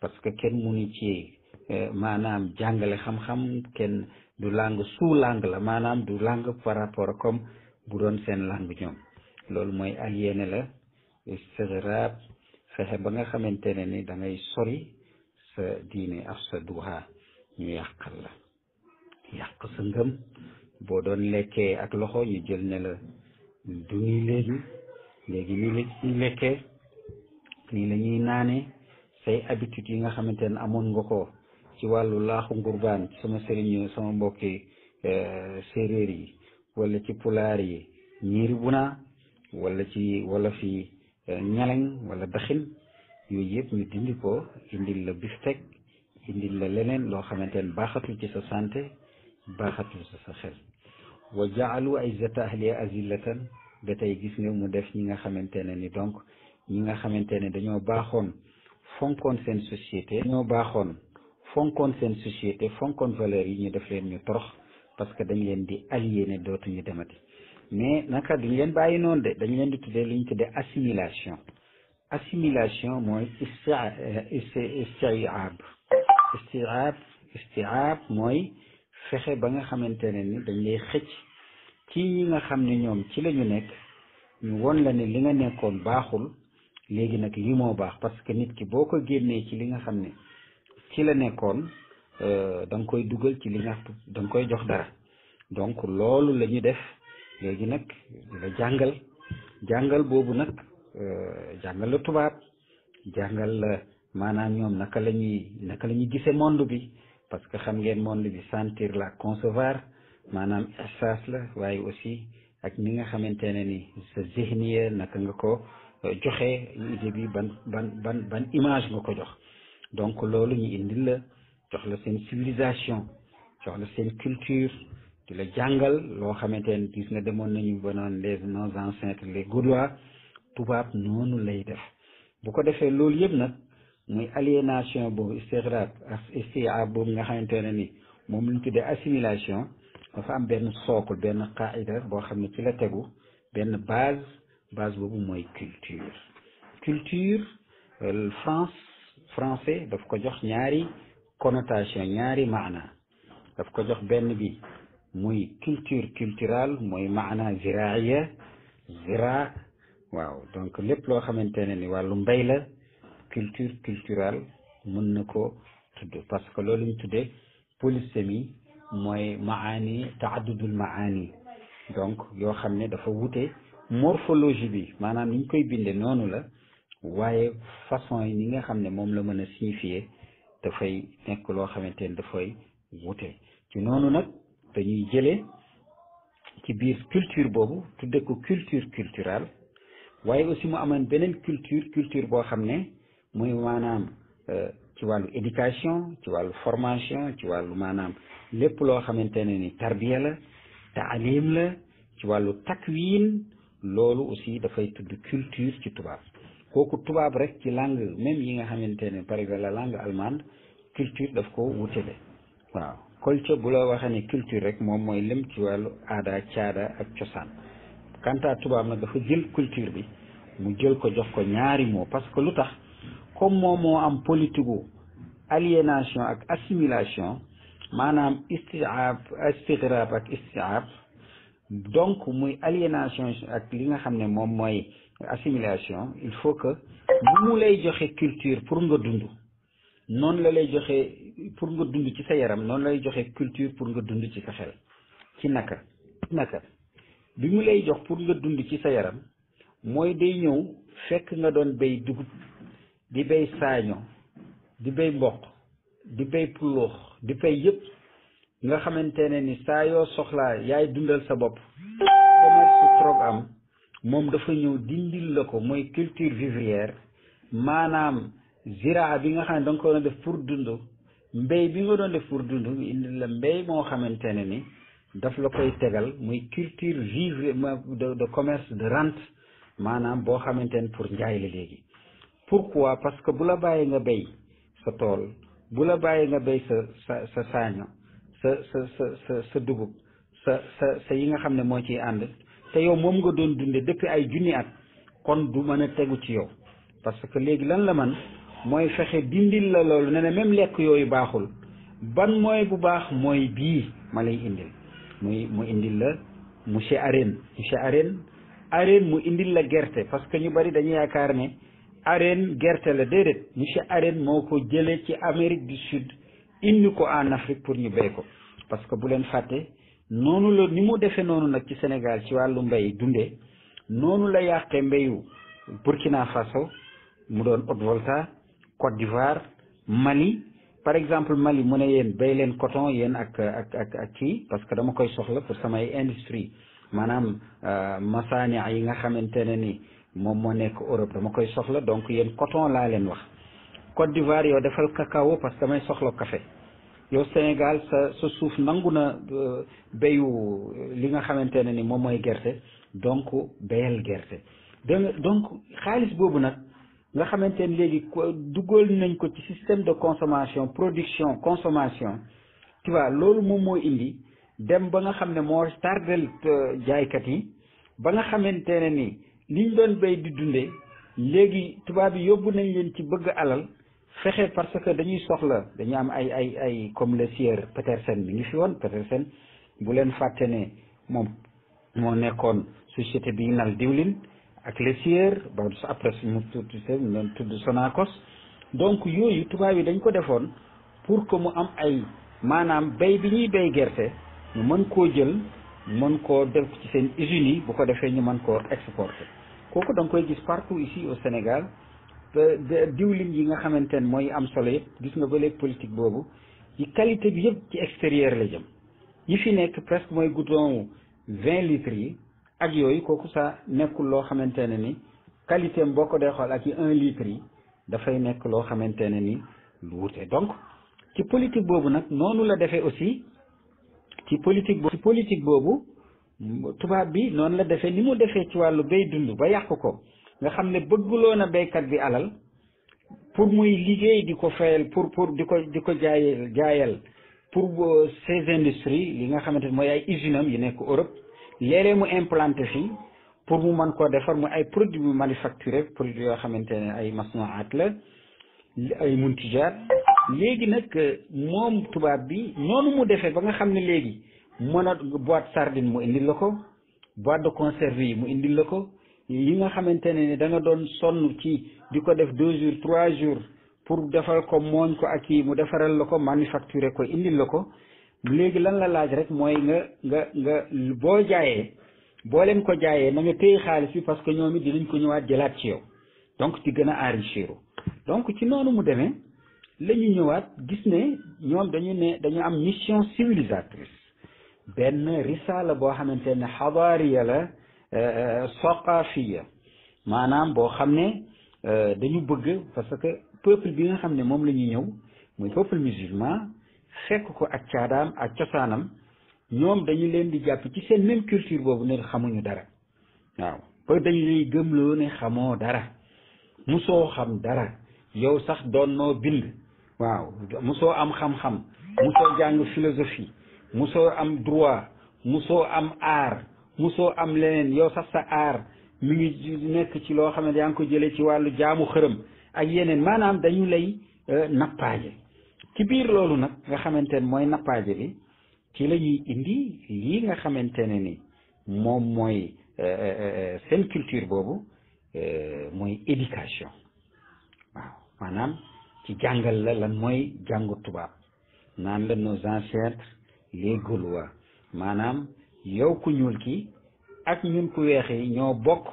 parce que kenn mu munu ci eh, maanaam jàngale xam-xam kenn du làngu sous làngu la maanaam du làngu par rapport comme bu doon seen làngu ñoom loolu mooy aliéné la istixraab fexe ba nga xamante ne ni da sori sa diine af sa duha ñu yàqal la yàq sa ngëm boo doon lekkee ak loxo ñu jël ne la du nii léegi léegi nii lekkee lii la ñuy naane say habitudes yi nga xamante ne amoon nga ko ci wàllu laaxu ngurbaan ci sama sëriñ sama mbokki euh, séeréer yi wala ci pulaar yi ñiiri buna wala ci euh, wala fi ñaleñ walla daxin yooyu yëpp ñu dindi ko indil la biftek indil la leneen loo xamante ne baaxatul ci sa santé baaxatul ci sa xel wa jaalu ay zata ahliya azillatan ba tey gis nga mu def ñi nga xamante ne ni donc ñi nga xamante ne dañoo baaxoon fonkoon seen société dañoo baaxoon fonkoon seen société fonkoon valeur yi ñu def leen ñu torox parce que dañ leen di aliéné dootuñu demati mais naka duñ leen bàyyi noonu de dañ leen di tuddee lu ñu tuddee assimilation assimilation mooy istiab istiab istiab mooy fexe ba nga xamante ne ni dañ lay xëcc ci ñi nga xam ni ñoom ci lañu nekk ñu won la ne li nga nekkoon baaxul léegi nag lii moo baax parce que nit ki boo ko génnee ci li nga xam ne ci la nekkoon euh, da nga koy dugal ci li nga da nga koy jox dara donc loolu la ñu def léegi nag la jàngal jàngal boobu nag euh, jàngal la tubaab jàngal la maanaam ñoom naka la ñuy naka la ñuy gise monde bi parce que xam ngeen monde bi sentir la concevoir maanaam espace la waaye aussi ak ni nga xamante ne ni sa zihniya naka nga ko joxe idée bi ban ban ban ban image nga ko jox donc loolu ñu indil la jox la seen civilisation jox la seen culture di la jàngal loo xamante ne gis nga demoon nañu ba naan les nos ancêtres les Gaulois tubaab noonu lay def bu ko defee loolu yëpp nag muy aliénation boobu istigraq ak istiab nga xamante ne ni moom lañ tuddee assimilation dafa am benn sookul benn qaida boo xam ne ci la tegu benn base base boobu mooy culture culture euh, France français daf ko jox ñaari connotation ñaari maana daf ko jox benn bi muy culture culturale mooy maana ziraaya zira waaw donc lépp loo xamante ne ni wàllu mbayla culture culturale mën na ko tudd parce que loolu ñu tuddee polysémie mooy maani taaddudul maani donc yoo xam ne dafa wute morphologie bi maanaam ni ñu koy binde noonu la waaye façon yi ni nga xam ne moom la mën a signifier dafay nekk loo xamante ne dafay wute ci noonu nag dañuy jële ci biir culture boobu tudde ko culture culturelle waaye aussi mu amoon beneen culture culture boo xam ne muy maanaam euh, ci wàllu éducation ci wàllu formation ci wàllu maanaam lépp loo xamante ne ni tarbiya la taalim la ci wàllu takwin loolu aussi dafay tudd culture ci tubaab kooku tubaab rek ci langue même yi nga xamante ne par exemple la langue allemande culture daf ko wutale waaw culture bu la waxee ne culture rek moom mooy lem ci wàllu aada caada ak cosaan kanta tubaab nag dafa jël culture bi mu jël ko jox ko ñaari moo parce que lu tax comme moom moo am politique gu ak assimilation maanaam istiab istigrab ak istiab donc muy aliénation ak li nga xam ne moom mooy assimilation il faut que lu mu lay joxe culture pour nga dund noonu la lay joxe pour nga dund ci sa yaram noonu lay joxe culture pour nga dund ci sa xel ci naka naka bi mu lay jox pour nga dund ci sa yaram mooy day ñëw fekk nga doon bay dugub di béy saaño di bay mboq di bay puloox di bay yëpp nga xamante ne ni saa yoo soxlaa yaay dundal sa bopp commerce am moom dafa ñëw dindil la ko muy culture vivrière maanaam ziraa bi nga xam ne da nga def pour dund mbéy bi nga doon def pour dund indil la mbéy moo xamante ne ni daf la koy tegal muy culture vivre de de commerce de rente maanaam boo xamante ne pour njaay la léegi pourquoi parce que bu la bàyyi nga béy sa tool bu la bàyyi nga béy sa sa sa saaño sa sa sa sa sa dugub sa sa sa yi nga xam ne moo ciy ànd te yow moom nga doon dunde depuis ay junni at kon du mën a tegu ci yow parce que léegi lan la man mooy fexe dindil la loolu ne ne même lekk yooyu baaxul ban mooy bu baax mooy bii ma lay indil muy mu indil la monsieur arène monsieur arène arène mu indil la gerte parce que ñu bari dañu yaakaar ne arène gerte la déedéet monsieur arène moo ko jële ci Amérique du Sud indi ko en Afrique pour ñu béy ko parce que bu leen fàtte noonu la ni mu defee noonu nag ci Sénégal ci wàllu mbay dundee noonu la yàqee mbéyu Burkina Faso mu doon Haute-Volta Côte d'Ivoire Mali par exemple Mali mu ne yéen bay leen coton yéen ak ak ak ak kii parce que dama koy soxla pour samay industrie maanaam euh, masaani yi nga xamante ne ni moom moo nekk Europe dama koy soxla donc yéen coton laa leen wax Côte d'Ivoire yow defal cacao parce que damay soxla kafe yow Sénégal sa suuf nangu na euh, béyu li nga xamante ne ni moom mooy gerte donc béyal gerte dégg donc xaalis boobu nag nga xamante ne léegi duggal nañ ko ci système de consommation production consommation tu loolu moom moo indi dem ba nga xam ne moo tardel euh, jaaykat yi ba nga xamante ne ni liñ doon béy di dundee léegi tubaab yi yóbbu nañ leen ci bëgg alal fexe parce que dañuy soxla dañu am ay ay ay comme le sieur Petersen bi ngi fi woon Petersen bu leen fàtte ne moom moo nekkoon société bi nal diwlin ak le sieur ba après mu tudd tudd Sonacos donc yooyu tubaab yi dañ ko defoon pour ko mu am ay maanaam bay bi ñuy bay gerte ñu mën koo jël mën koo def ci seen usines yi bu ko defee ñu mën koo exporter kooku da koy gis partout ici au Sénégal diwlin yi nga xamante ne mooy am solo yëpp gis nga ba léegi politique boobu yi qualité bi yëpp ci extérieur la jëm yi fi nekk presque mooy goudron vingt litres yi ak yooyu kooku sa nekkul loo xamante ne ni qualité am boo ko dee xool ak yi un litre yi dafay nekk loo xamante ne ni lu wute donc ci politique boobu nag noonu la defee aussi ci politique boobu politique boobu tubaab bi noonu la defee ni mu defee ci wàllu bay dund ba yàqu ko nga xam ne bëgguloon a béykat bi alal pour muy liggéey di ko fayal pour pour di ko di ko jaayal jaayal pour euh, ces industries li nga xamante ne mooy ay usines am yi nekk Europe léeg mu implanté fii pour mu mën koo defar mu ay produits mu manufacturé produits yoo xamante ne ay masnuwaat la ay muntijaat léegi nag euh, moom tubaab bi noonu mu defee ba nga xam ne léegi mën a boîte sardine mu indil la ko boîte de conserve yi mu indil la ko yi nga xamante ne ni da nga doon sonn ci di ko def deux jours trois jours pour defar ko mooñ ko ak yi mu defaral la ko manufacturer ko indil la ko léegi lan la laaj rek mooy nga nga nga boo jaayee boo leen ko jaayee na nga téye xaalis bi parce que ñoom it dinañ ko ñëwaat jëlaat ci yow donc ci gën a enrichir donc ci noonu mu demee la ñu ñëwaat gis ne ñoom dañu ne dañu am mission civilisatrice benn risala boo xamante ne xadaariya la Euh, euh, soqaafiya maanaam boo xam ne euh, dañu bëgg parce que peuple bi nga xam ne moom la ñuy ñëw muy peuple musulman fekk ko ak caadaam ak cosaanam ñoom dañu leen di jàpp ci seen même culture boobu ne xamuñu dara waaw ba dañu lay gëmloo ne xamoo dara musoo xam dara yow sax doon noo bind waaw musoo am xam-xam musoo jàng philosophie musoo am droit musoo am aar soo am leneen yow sax sa aar mi ngi nekk ci loo xam ne yaa ko jëlee ci wàllu jaamu xërëm ak yeneen maanaam dañu lay euh, nappaaje ci biir loolu nag nga xamante ne mooy nappaaje bi ci lañuy indi lii nga xamante ne ni moom mooy euh, euh, seen culture boobu mooy éducation waaw maanaam ci jàngal la lan mooy jàngu tubaab naan la nos ancêtres les Gaulois maanaam yow ku ñuul ki ak ñun ku weex yi ñoo bokk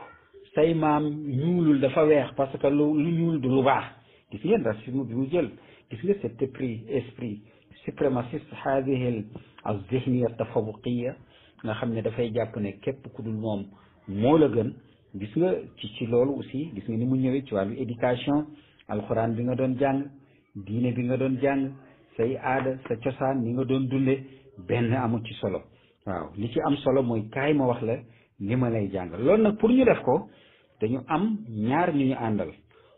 say maam ñuulul dafa weex parce que lu lu ñuul du lu baax gis ngeen racisme bi mu jël gis nga cet esprit esprit suprémaciste haadihi al zihniya tafabuqiya nga xam ne dafay jàpp ne képp ku dul moom moo la gën gis nga ci ci loolu aussi gis nga ni mu ñëwee ci wàllu éducation alxuraan bi nga doon jàng diine bi nga doon jàng say aada sa cosaan ni nga doon dunde benn amu ci solo waaw li ci am solo mooy kaay ma wax la li ma lay jàngal loolu nag pour ñu def ko dañu am ñaar ñu ñu àndal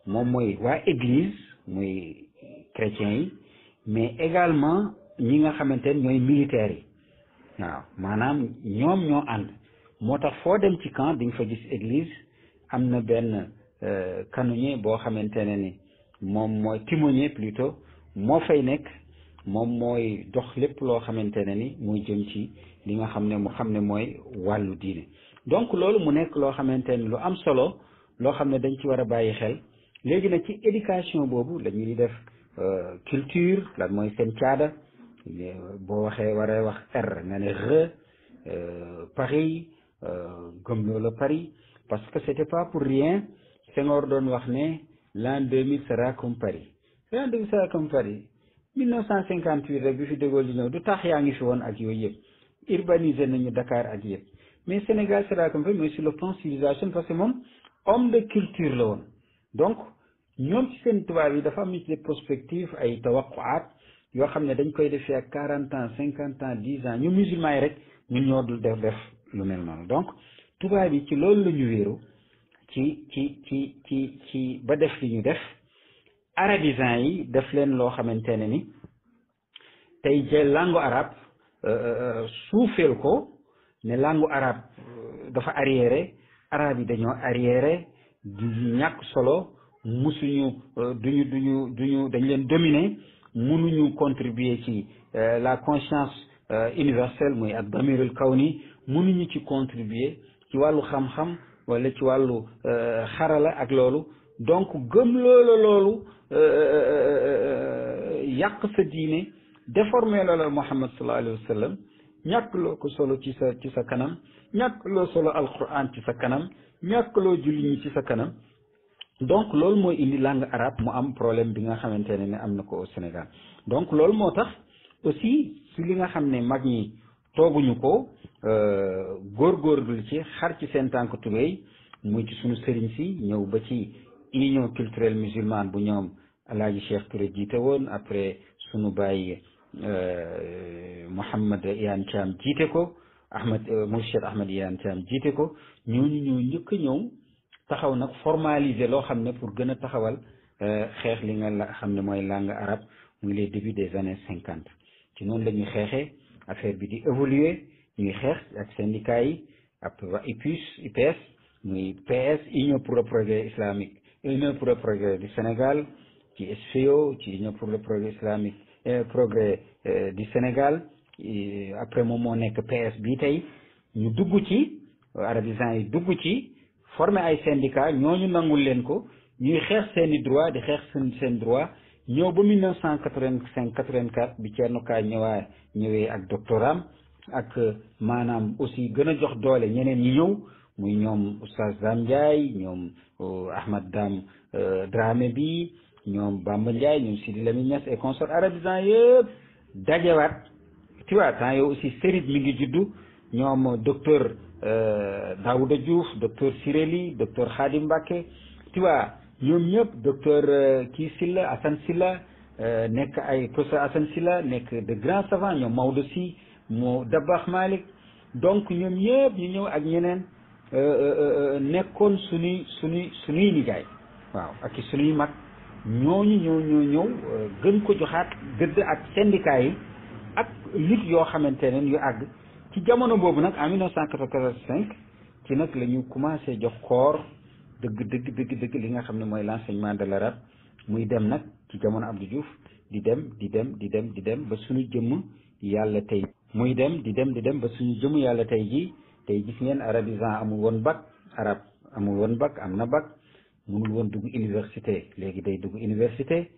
moom mooy waa église muy chrétiens yi mais également ñi nga xamante ne ñooy militaires yi waaw maanaam ñoom ñoo ànd moo tax foo dem ci camp di fa gis église am na benn euh, canonnier boo xamante ne ni moom mooy timonier plutôt moo fay nekk moom mooy dox lépp loo xamante ne ni muy jëm ci li nga xam ne mu xam ne mooy wàllu diine donc loolu mu nekk loo xamante ni lu am solo loo xam ne dañ ci war a bàyyi xel léegi nag ci éducation boobu lañuy ñuy def euh, culture la mooy seen caada boo waxee waree wax R nga ne re euh, Paris euh, gëm loola Paris parce que c'était pas pour rien Senghor doon wax ne l'an 2000 sera comme Paris l'an 2000 sera comme Paris 1958 rek bi fi De Gaulle di ñëw du taax yaa ngi fi woon ak yooyu yëpp urbanisé nañu Dakar ak yëpp mais Sénégal c'est la campagne mais sur le plan civilisation parce que moom homme de culture la woon donc ñoom ci seen tubaab yi dafa am ñu ci des prospectives ay yoo xam ne dañ koy def defee ak quarante ans cinquante ans dix ans ñu musulman yi rek ñun ñoo dul def def lu mel noonu donc tubaab yi ci loolu lañu ñu wéeru ci ci ci ci ci ba def li ñu def arabisants yi def leen loo xamante ne ni tey jël langue arabe euh, euh, euh, suufeel ko ne langue arab dafa arriéré arab yi dañoo arriéré du ñàkk solo musuñu duñu duñu duñu dañ leen dominer mënuñu contribuer ci la conscience universelle muy ak kaw ni mënuñu ci contribuer ci wàllu xam-xam wala ci wàllu xarala ak loolu donc gëm loola loolu euh, euh, euh, yàq sa diine déformé loola Muhammad sallallahu alayhi wa ko solo ci sa ci sa kanam ñàkk loo solo alquran ci sa kanam ñàkkloo loo julli ñi ci sa kanam donc loolu mooy indi langue arabe mu am problème bi nga xamante ne ne am na ko au Sénégal donc loolu moo tax aussi si li nga xam ne mag ñi tooguñu ko góor góor góorgóorlu ci xar ci seen tànk tubéy muy ci suñu sëriñ si ñëw ba ci union culturelle musulmane bu ñoom a alaaji Cheikh Touré jiite woon après sunu baay euh, Mouhamed Iyane Thiam jiite ko Ahmed euh, Mourchid Ahmed Iyane jiite ko ñu ñoo njëkk a ñëw taxaw nag formaliser loo xam ne pour gën a taxawal euh, xeex li nga la xam ne mooy langue arabe muy les débuts des années cinquante ci noonu la xeexee affaire bi di évoluer ñuy xeex ak syndicats yi ak IPUS IPS pour le progrès islamique Union pour le progrès du Sénégal ci SFIO ci Union pour le progrès islamique eh, progrès eh, du Sénégal après moom moo nekk PS bii tey ñu dugg ci arabisants yi dugg ci former ay syndicat ñooñu nangul leen ko ñuy xeex seen i droit di xeex seen seen droit ñëw ba 1985 84 bi Thierno Ka ñëwaa ñëwee ak doctoram ak euh, maanaam aussi gën a jox doole ñeneen ñi ñëw muy ñoom Oustaz Zane Ndiaye ñoom Ahmad Dam euh, Dramé bi ñoom Bamba Ndiaye ñoom Sidi Lamine Niass et consort arabisants yëpp dajewaat tu vois temps yow aussi Seride mi ngi juddu ñoom docteur euh, Daouda Diouf docteur Sireli docteur Khadim Mbacke tu vois ñoom ñëpp docteur euh, kii Silla sila Silla nekk ay professeur Assane Silla nekk de grands savants ñoom Maodo Sy moo Dabax donc ñoom ñëpp ñu ñëw ak ñeneen nekkoon suñuy suñuy suñuy nijaay waaw ak i suñuy mag ñooñu ñoo ñoo ñëw euh, gën ko joxaat gëdd ak syndicat yi ak lit yoo xamante ne yu àgg ci jamono boobu nag en cinq ci nag lañu ñu commencé jox koor dëgg dëgg dëgg dëgg li nga xam ne mooy l'enseignement de l'arabe muy dem nag ci jamono Abdou Diouf di dem di dem di dem di dem ba suñu jëmm yàlla tey muy dem di dem di dem ba suñu jëmm yàlla tey jii tey gis ngeen arabisant amul woon bac arab amul woon bac am na bac mënul woon dugg université léegi day dugg université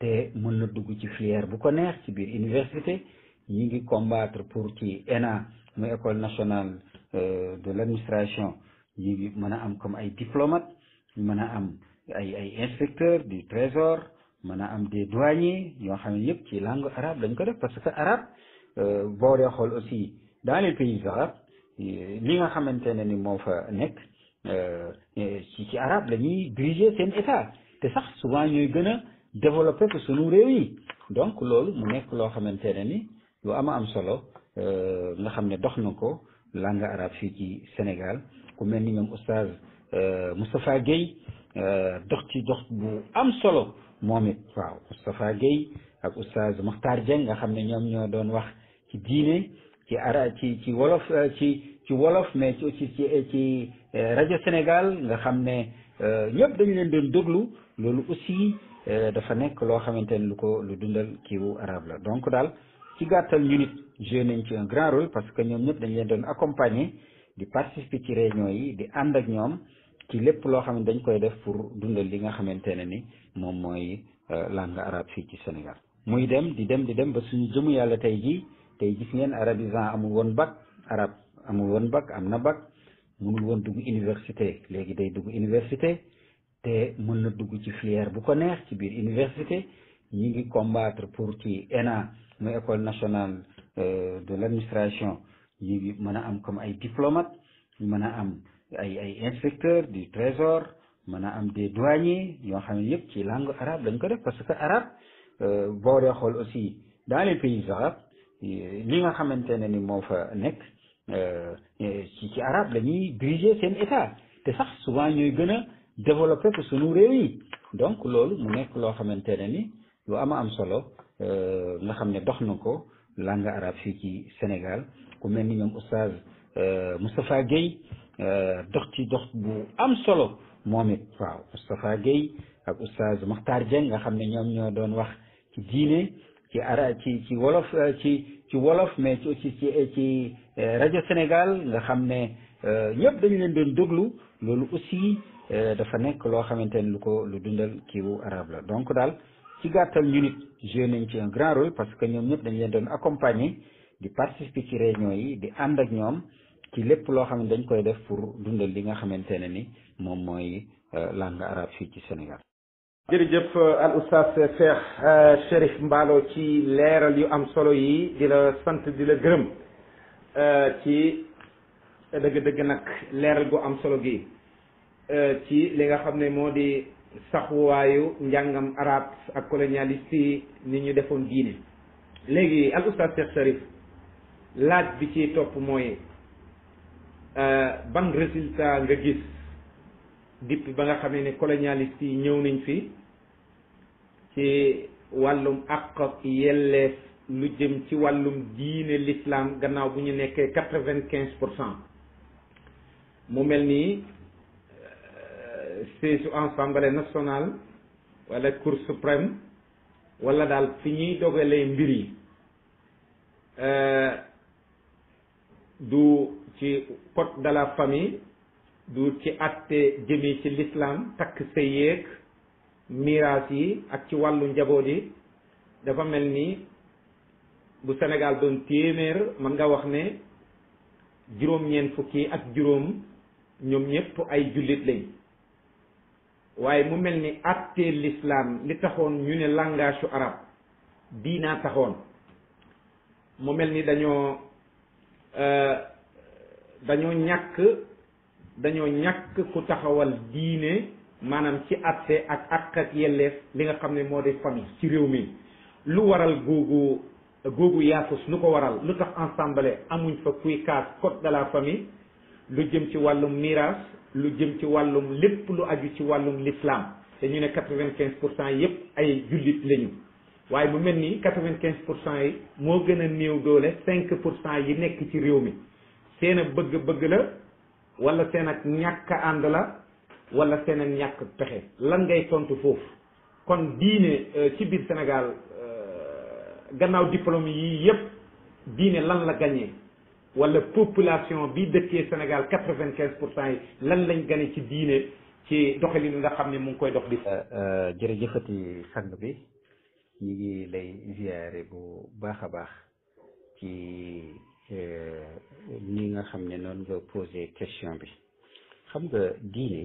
te mën na dugg ci filière bu ko neex ci biir université ñi ngi combattre pour ci ENA mu école nationale euh, de l'administration ñi ngi mën a am comme ay diplomate mën a am ay ay inspecteur du trésor mën a am des douaniers ñoo xam ne yëpp ci langue arabe dañ ko def parce que arabe euh, boo dee xool aussi dans les pays arabes li nga xamante ne ni moo fa nekk euh, ci ci arab la ñuy diriger seen état te sax souvent ñooy gën a développer que sunu réew yi donc loolu mu nekk loo xamante ne ni lu ama am solo euh, nga xam ne dox na ko langue arabe fii ci Sénégal ku mel ni ñoom oustaz euh, Moustapha Guèye dox ci dox bu am solo moom it waaw Moustapha Guèye ak oustaz Makhtar Dieng nga xam ne ñoom ñoo doon wax ci diine ci ara ci ci wolof euh, ci ci wolof mais ci ci euh, ci euh, rajo Sénégal nga xam ne ñëpp dañu leen doon déglu loolu aussi dafa nekk loo xamante ne lu ko lu dundal kiiwu arab la donc daal ci gàttal ñu nit joué nañ ci un grand rôle parce que ñoom ñëpp dañu leen doon accompagner di participer ci réunion yi di ànd ak ñoom ci lépp loo xam ne dañ koy def pour dundal li nga xamante ne ni moom mooy langue arabe fii ci Sénégal muy dem di dem di dem ba suñu jëmu yàlla tey jii tey gis ngeen arabisant amul woon bac arab amul woon bac am na bac mënul woon dugg université léegi day dugg université te mën na dugg ci filière bu ko neex ci biir université ñi ngi combattre pour ci ENA muy école nationale euh, de l'administration ñu ngi mën a am comme ay diplomate mën a am ay ay inspecteur du trésor mën a am des douaniers yoo xam ne yëpp ci langue arabe lañ ko def parce que arabe euh, boo dee xool aussi dans les pays arabes li nga xamante ne ni moo fa nekk ci ci arab la seen état te sax souvent ñooy gën a développer ko sunu réew yi donc loolu mu nekk loo xamante ne ni lu ama am solo nga xam ne dox na ko langue arabe fii ci Sénégal ku mel ni ñoom oustaz Moustapha Guèye dox ci dox bu am solo moom it waaw Moustapha Guèye ak oustaz Makhtar Dieng nga xam ne ñoom ñoo doon wax diine ci ara ci ci wolof euh, ci ci wolof mais ci ci ci euh, rajo Sénégal nga xam ne euh, ñëpp dañu leen doon déglu loolu aussi dafa nekk loo xamante ne lu ko lu dundal kiiwu arab la donc daal ci gàttal ñu jeune joué nañ ci un grand rôle parce que ñoom ñëpp dañu leen doon accompagner di participer ci réunion yi di ànd ak ñoom ci lépp loo xam ne dañ koy def pour dundal li nga xamante ne ni moom mooy langue arabe fii ci Sénégal jërëjëf euh, al oustaz Cheikh euh, Chérif Mballo ci leeral yu am solo yi di sant di la gërëm euh, ci dëgg-dëgg nag leeral gu am solo gi ci li nga xam ne moo di saxuwaayu njàngam arab ak colonialiste yi ni ñu defoon diine léegi al oustaz Cheikh Chérif laaj bi ci topp mooy ban résultat nga gis depuis ba nga xamee ne colonialiste yi ñëw nañ fi ci wàllum àq ak lu jëm ci wàllum diine l'islam gannaaw bu ñu nekkee quatre-vingt-quinze pour cent mu mel nii euh, siège assemblée national wala cour suprême wala daal fi ñuy dogalee mbir yi euh, du ci code de la famille du ci atte jëmee ci lislaam takk sëy yéeg miraas yi ak ci wàllu njaboot yi dafa mel ni bu Sénégal doon téeméer mën nga wax ne juróom-ñeent fukki ak juróom ñoom ñépp ay jullit lañ waaye mu mel ni àttee lislaam li taxoon ñu ne langage su arab diinaa taxoon mu mel ni dañoo euh, dañoo ñàkk dañoo ñàkk ku taxawal diine maanaam ci àtte ak àq ak yelleef li nga xam ne moo de famille ci réew mi lu waral googu googu yaasus lu ko waral lu tax ensemble amuñ fa kuy kaas code de la famille lu jëm ci wàllum miraas lu jëm ci wàllum lépp lu aju ci wàllum l'islam te ñu ne quatre-vingt-quinze pour cent yépp ay jullit lañu waaye mu mel nii quatre-vingt-quinze pour cent yi moo gën a néew doole cinq pour cent yi nekk ci réew mi seen bëgg-bëgg la wala seen ak ñàkk ànd la wala seen ak ñàkk pexe lan ngay tontu foofu kon diine euh, ci biir Sénégal euh, gannaaw diplôme yii yépp diine lan la gagné wala population bi dëkkee Sénégal quatre-vingt-quinze pour cent yi lan lañ gane ci diine ci doxalin nga xam ne mu ngi koy dox di euh, jërëjëfati sang bi ñu ngi lay ziyaare bu baax a baax ci ni euh, nga xam ne noonu nga posé question bi xam nga diine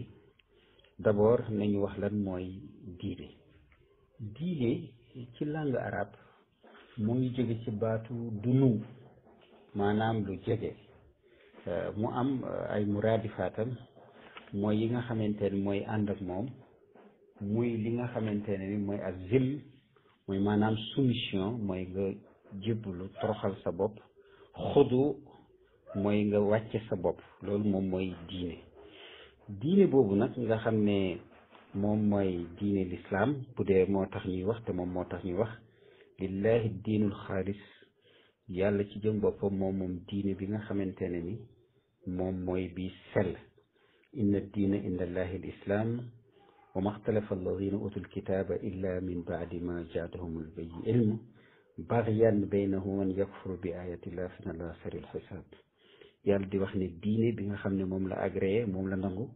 d'abord nañu wax lan mooy diine diine ci langue arabe mu ngi jóge ci baatu dunu maanaam lu jege euh, mu am euh, ay muraadifaatam mooy yi nga xamante ne mooy ànd ak moom muy li nga xamante ne ni mooy ak zil mooy maanaam soumission mooy nga jébbalu toroxal sa bopp xudu mooy nga wàcce sa bopp loolu moom mooy diine diine boobu nag nga xam ne moom mooy diine lislaam bu dee moo tax ñuy wax te moom moo tax ñuy wax lillahi diinul xaalis yàlla ci jëm boppam moom moom diine bi nga xamante ne ni moom mooy bi sell inna diina inda allahi al islaam wa maxtalafa alladina utul kitaaba illa min baadi ma jaatahum al ilm bariyan baynahum man yakfuru bi ayatillah fina la saril xisaab yàlla di wax ne diine bi nga xam ne moom la agréé moom la nangu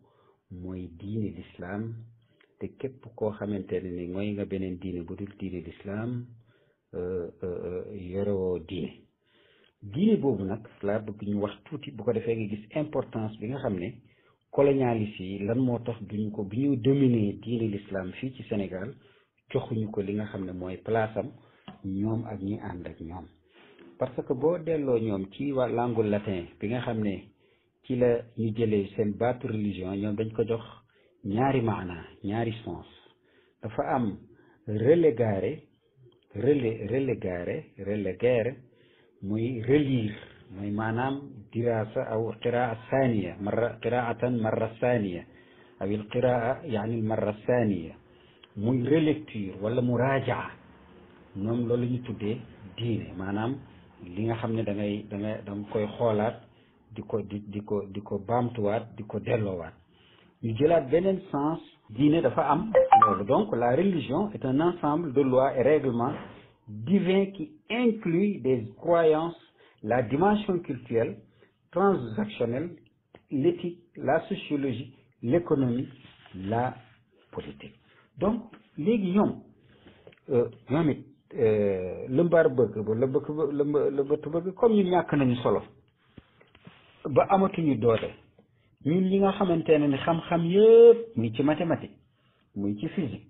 mooy diine lislaam te képp koo xamante ne ni mooy nga beneen diine bu dul diine lislaam euh, euh, euh, yorewoo diine diine boobu nag laa bëgg ñu wax tuuti bu ko defee nga gis importance bi nga xam ne colonialiste yi lan moo tax duñu ko bi ñu dominer diine lislaam fii ci Sénégal joxuñu ko li nga xam ne mooy place ñoom ak ñi ànd ak ñoom parce que boo delloo ñoom ci waa latin bi nga xam ne ci la ñu jëlee seen baatu religion ñoom dañ ko jox ñaari maana ñaari sens dafa am relegare rele relegare relegare muy relire mooy maanaam dirasa aw qiraa saniya marra qiraatan marra saniya aw il qiraa yaani marra saniya muy relecture wala muraajaa ñoom loolu la ñu tuddee diine maanaam li nga xam ne da ngay da koy xoolaat di ko di di ko di ko baamtuwaat di ko delloowaat ñu jëlaat beneen sens diine dafa am donc la religion est un ensemble de lois et règlements divins qui inclut des croyances la dimension culturelle transactionnelle l'éthique la sociologie l'économie la politique donc léegi ñoom euh, ñoom Euh, lëmbaar bëgg ba la bëgg ba la bëgg comme ñun ñàkk nañu solo ba amatuñu doole ñun ñi nga xamante ne ni xam-xam yëpp muy ci mathématique muy ci physique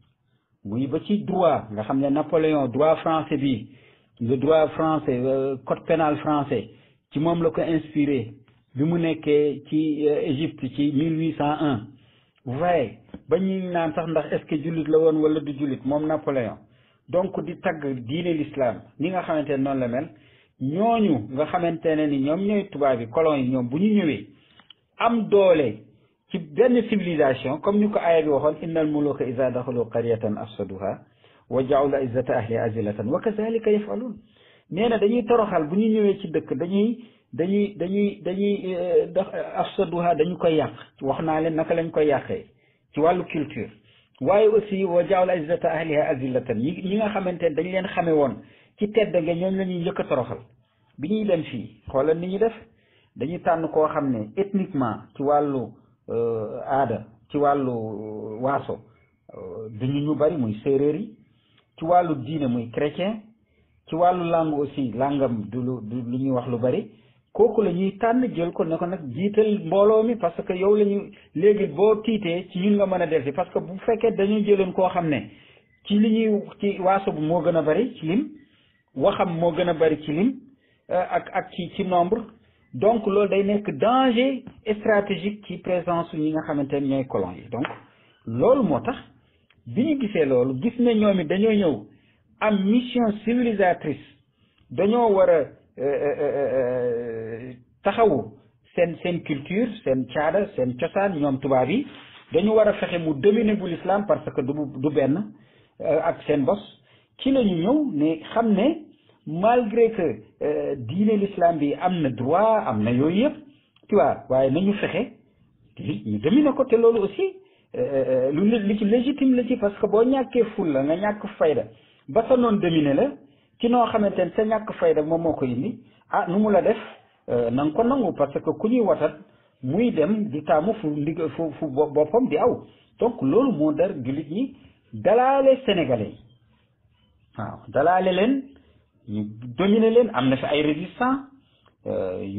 muy ba ci droit nga xam ne Napoléon droit français bi le droit français code pénal français ci moom la ko inspiré bi mu nekkee ci euh, Égypte ci 1801 vous voyez ba ñu naan sax ndax est-ce que jullit la woon wala du jullit moom Napoléon donc di tagg diine l'islam ni nga xamante ne noonu la mel ñooñu nga xamante ne ni ñoom ñooy tubaab yi kolon yi ñoom bu ñu ñëwee am doole ci benn civilisation comme ni ko aaya bi waxoon innal muluka iza daxalu qaryatan afsaduha wa la izzata ahli azilatan wa kazalika yafaluun nee na dañuy toroxal bu ñu ñëwee ci dëkk dañuy dañuy dañuy dañuy eh, afsaduha dañu koy yàq wax naa leen naka lañ koy yàqee ci wàllu culture waaye aussi wa jaawla izzata ahliha azillatan yi yi nga xamante ne dañ leen xame woon ci tedd nga ñooñ la ñuy njëkk a bi ñuy dem fii xoolal ni ñu def dañu tànn koo xam ne ethniquement ci wàllu euh, aada ci wàllu euh, waaso euh, duñu ñu bari muy séeréer yi ci wàllu diine muy chrétien ci wàllu langue aussi làngam du lu du lu ñuy wax lu bari kooku la ñuy tànn jël ko ne ko nag jiital mbooloo mi parce que yow la ñu léegi boo tiitee ci ñun nga mën a delsi parce que bu fekkee dañuy jëloon koo xam ne ci li ñuy ci waaso bu moo gën a bari ci lim waxam moo gën a bari ci lim euh, ak ak ci ci nombre donc loolu day nekk danger stratégique ci présence ñi nga xamante ne ñooy colon yi donc loolu moo tax bi ñu gisee loolu gis ne ñoom it dañoo ñëw am mission civilisatrice dañoo war Euh, euh, euh, taxawu seen seen culture seen caada seen cosaan ñoom tubaab yi dañu war a fexe mu dominer bu l'islam parce que du du benn ak seen bos ci la ñu ñëw ne xam ne malgré que diine l'islam bi am na droit am na yooyu yëpp tu vois waaye nañu fexe li ñu dominer ko te loolu aussi lu li ci légitime la ci parce que boo ñàkkee ful la nga ñàkk fayda ba sa noon dominer la ci noo xamante ne sa ñàkk fayda moom moo ko indi ah nu mu la def euh, na nga ko nangu parce que ku ñuy watat muy dem du taamu fu ndig fu boppam di aw donc loolu moo dar jullit ñi dalaale sénégalais waaw dalaale leen ñu dominer leen am na fi ay résistants ñu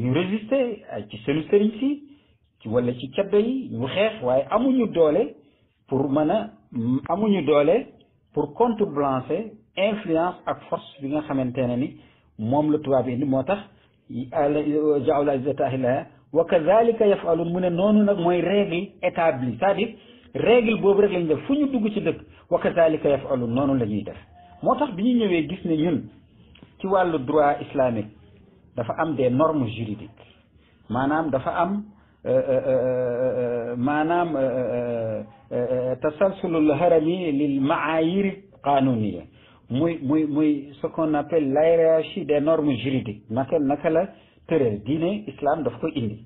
euh, résister ay ci seenu sëriñ si ci ci caddo yi ñu xeex waaye amuñu doole pour mën a amuñu doole pour contrebalancer influence ak force bi nga xamante ne ni moom la tubaab ni moo tax jaawla izzatahilah wa kadalika yafalun mu ne noonu nag mooy règle établie c'est-à-dire règle boobu rek lañ def fu ñu dugg ci dëkk wa kadalika yafalun noonu lañuy def moo tax bi ñu ñëwee gis ne ñun ci wàllu droit islamique dafa am de des normes juridiques maanaam dafa am euh, euh, euh, maanaam tasalsulul harami lil maayiri qanuniya muy muy muy ce qu'on appelle l'hiérarchie des normes juridiques naka naka la tëral diine islam daf ko indi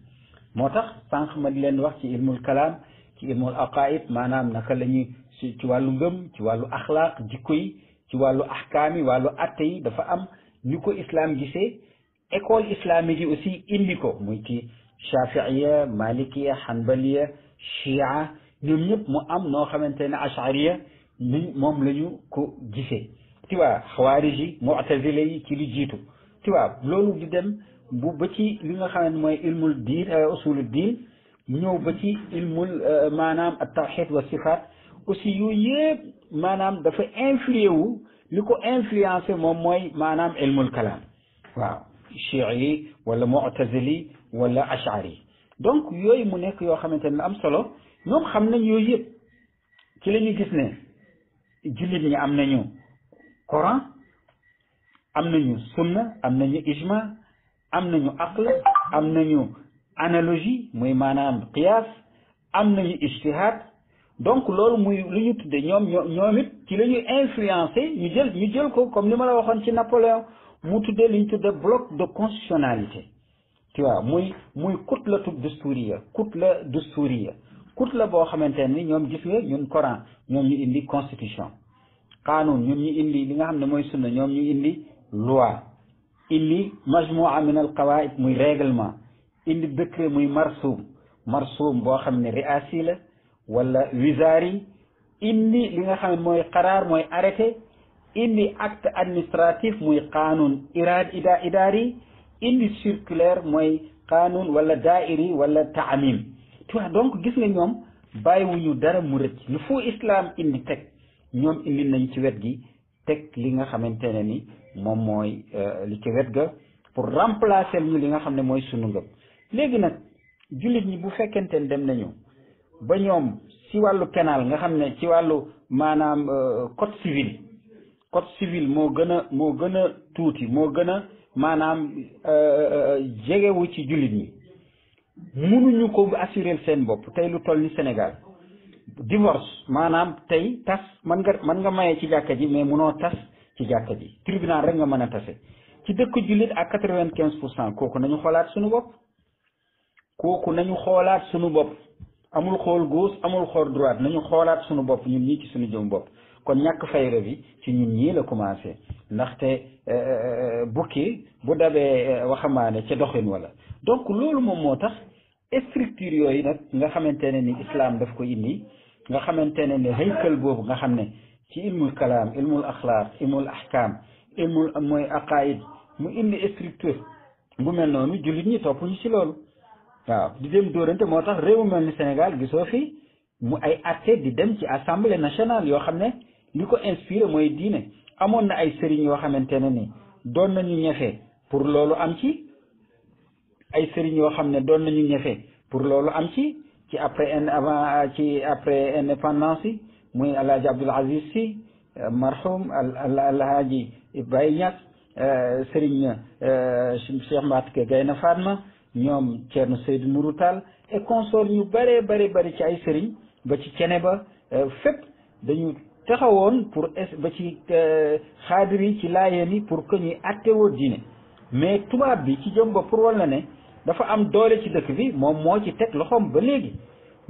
moo tax sànq ma leen wax ci ilmul kalaam ci ilmul aqaid maanaam naka la ñuy ci wàllu ngëm ci wàllu axlaaq jikko yi ci wàllu ahkaam wàllu atte yi dafa am ni ko islam gisee école islamique yi aussi indi ko muy ci shafiiya malikiya hanbaliya chia ñoom ñëpp mu am noo xamante ne ashariya ni moom lañu ñu ko gisee tiwaa xawaarij yi mu'tazile yi ci li jiitu tiwaa loolu di dem bu ba ci li nga xam ne mooy ilmul diin euh, usulu diin ñëw ba ci ilmul euh, maanaam at tawxid wa sifaat aussi yooyu yëpp maanaam dafa influé wu li ko influencé moom mooy maanaam ilmul kalaam waaw chiites yi wala mu'tazili yi wala ash'ari yi donc yooyu mu nekk yoo xamante ne am solo ñoom xam nañ yooyu yëpp ci la ñu gis ne jullit ñi am nañu Coran am nañu sunna am nañu ijma am nañu aql am nañu analogie muy maanaam qiyaas am nañu ijtihaad donc loolu muy lu ñu tudde ñoom ñoom it ci la ñuy ñu jël ñu jël ko comme li ma la waxoon ci Napoléon mu tuddee li ñu tudde bloc de constitutionnalité tu waaw muy muy la kutlatu dusturiya kutla dusturiya la boo xamante ni ñoom gis nga ñun Coran ñoom ñu indi constitution qanun ñun ñu indi li nga xam ne mooy sunna ñoom ñu indi loi indi majmua min al qawaid muy règlement indi décret muy marsuum marsuum boo xam ne riasi la wala wizaari indi li nga xam ne mooy qaraar mooy arrêté indi acte administratif muy qanun iraad ida idaari indi circulaire mooy qanun wala daairi wala taamim tu vois donc gis nga ñoom bàyyiwuñu dara mu rëcc lu fu islam indi teg ñoom indi nañ ci wet gi teg li nga xamante ne ni moom mooy euh, li ci wet ga pour remplacer ñu li nga xam ne mooy sunu ngëm léegi nag jullit ñi bu fekkente ne dem nañu ba ñoom ci wàllu pénal nga xam ne ci wàllu maanaam euh, code civil code civil moo gën a moo gën a tuuti moo gën a maanaam euh, jegewu ci jullit ñi mënuñu ko assurer seen bopp tey lu toll ni Sénégal divorce maanaam tey tas man nga man nga maye ci jàkka ji mais munoo tas ci jàkka ji tribunal rek nga mën a tase ci dëkk jullit ak quatre-vingt-quinze pour cent kooku nañu xoolaat suñu bopp kooku nañu xoolaat sunu bopp amul xool gauche amul xool droite nañu xoolaat suñu bopp ñu ñii ci suñu jëm bopp kon ñàkk fayra bi ci ñun ñii la commencé ndaxte euh, euh, bukki bu dabee euh, waxamaane ca doxin wala donc loolu moom moo tax structure yooyu nag nga xamante ne ni islam daf ko indi nga xamante ne ne boobu nga xam ne ci ilmul kalaam ilmul axlaaq ilmul ahkaam ilmul mooy aqaid mu indi structure bu mel noonu jullit ñi topp ñu si loolu waaw di dem dóorante moo tax réew mel ni Sénégal gisoo fi mu ay atte di dem ci assemblée nationale yoo xam ne li ko inspiré mooy diine amoon na ay sëriñ yoo xamante ne ni doon nañu ñefe pour loolu am ci ay sëriñ yoo xam ne doon nañu ñefe pour loolu am ci ci après n avant ci après indépendance yi muy alhaji abdul aziz si marhum alhaji Baye Niass euh, Serigne euh, Cheikh Mbacké Gaïndé Fatma ñoom Thierno Seydou Nourou Tall et consort ñu bëree bëri bëri ci ay sëriñ ba ci cene ba euh, fépp dañu taxawoon pour ba ci xaadir yi ci laayeen yi pour que ñuy attewoo diine mais tubaab bi ci jëm ba pour wal na ne dafa am doole ci dëkk bi moom moo ci teg loxoom ba léegi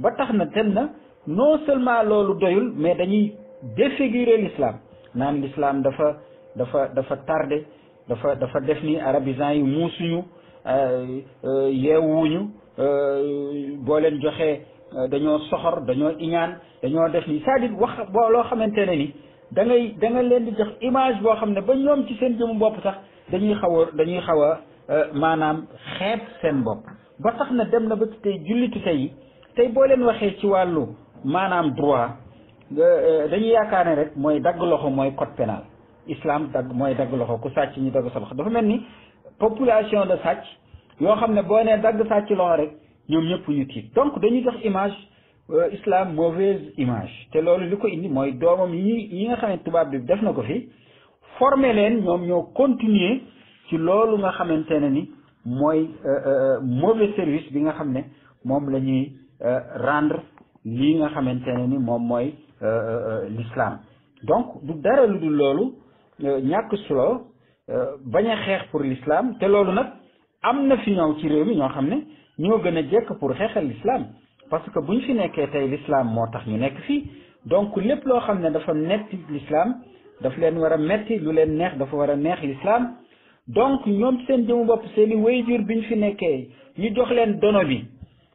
ba tax na ten na non seulement loolu doyul mais dañuy défigurer lislaam naan l'islam dafa dafa dafa tardé dafa dafa def ni arabisants yi muusuñu euh, euh, yeewuñu euh, boo leen joxee dañoo soxor dañoo iñaan dañoo def ni cest wax boo loo xamante ne ni da ngay da nga leen di jox image boo xam ne ba ñoom ci seen jëmu bopp sax dañuy xaw a dañuy xaw a maanaam xeet seen bopp ba tax na dem na ba tey jullitu yi tey boo leen waxee ci wàllu maanaam droit euh, dañuy yaakaar ne rek mooy dagg loxo mooy code pénal islam dagg mooy dagg loxo ku sàcc ñu dagg sa loxo dafa mel ni population de sàcc yoo xam ne boo nee dagg sàcc loxo rek ñoom ñëpp ñu tiit donc dañuy jox image euh, islaam mauvaise image te loolu li ko indi mooy doomam yi yi nga xam ne tubaab bi def na ko fi former leen ñoom ñoo continuer ci loolu nga xamante ne ni mooy euh, euh, mauvais service bi nga xam ne moom la ñuy euh, rendre lii nga xamante ne ni moom mooy l'islam donc du dara lu dul loolu ñàkk solo bañ a xeex pour lislaam te loolu nag am na fi ñëw ci réew mi ñoo xam ne ñoo gën a jekk pour xeexal l'islam parce que bu ñu fi nekkee tey lislaam moo tax ñu nekk fii donc lépp loo xam ne dafa netti lislaam daf leen war a metti lu leen neex dafa war a neex lislaam donc ñoom seen jëmu bopp seen i bi ñu fi nekkee ñu jox leen dono bi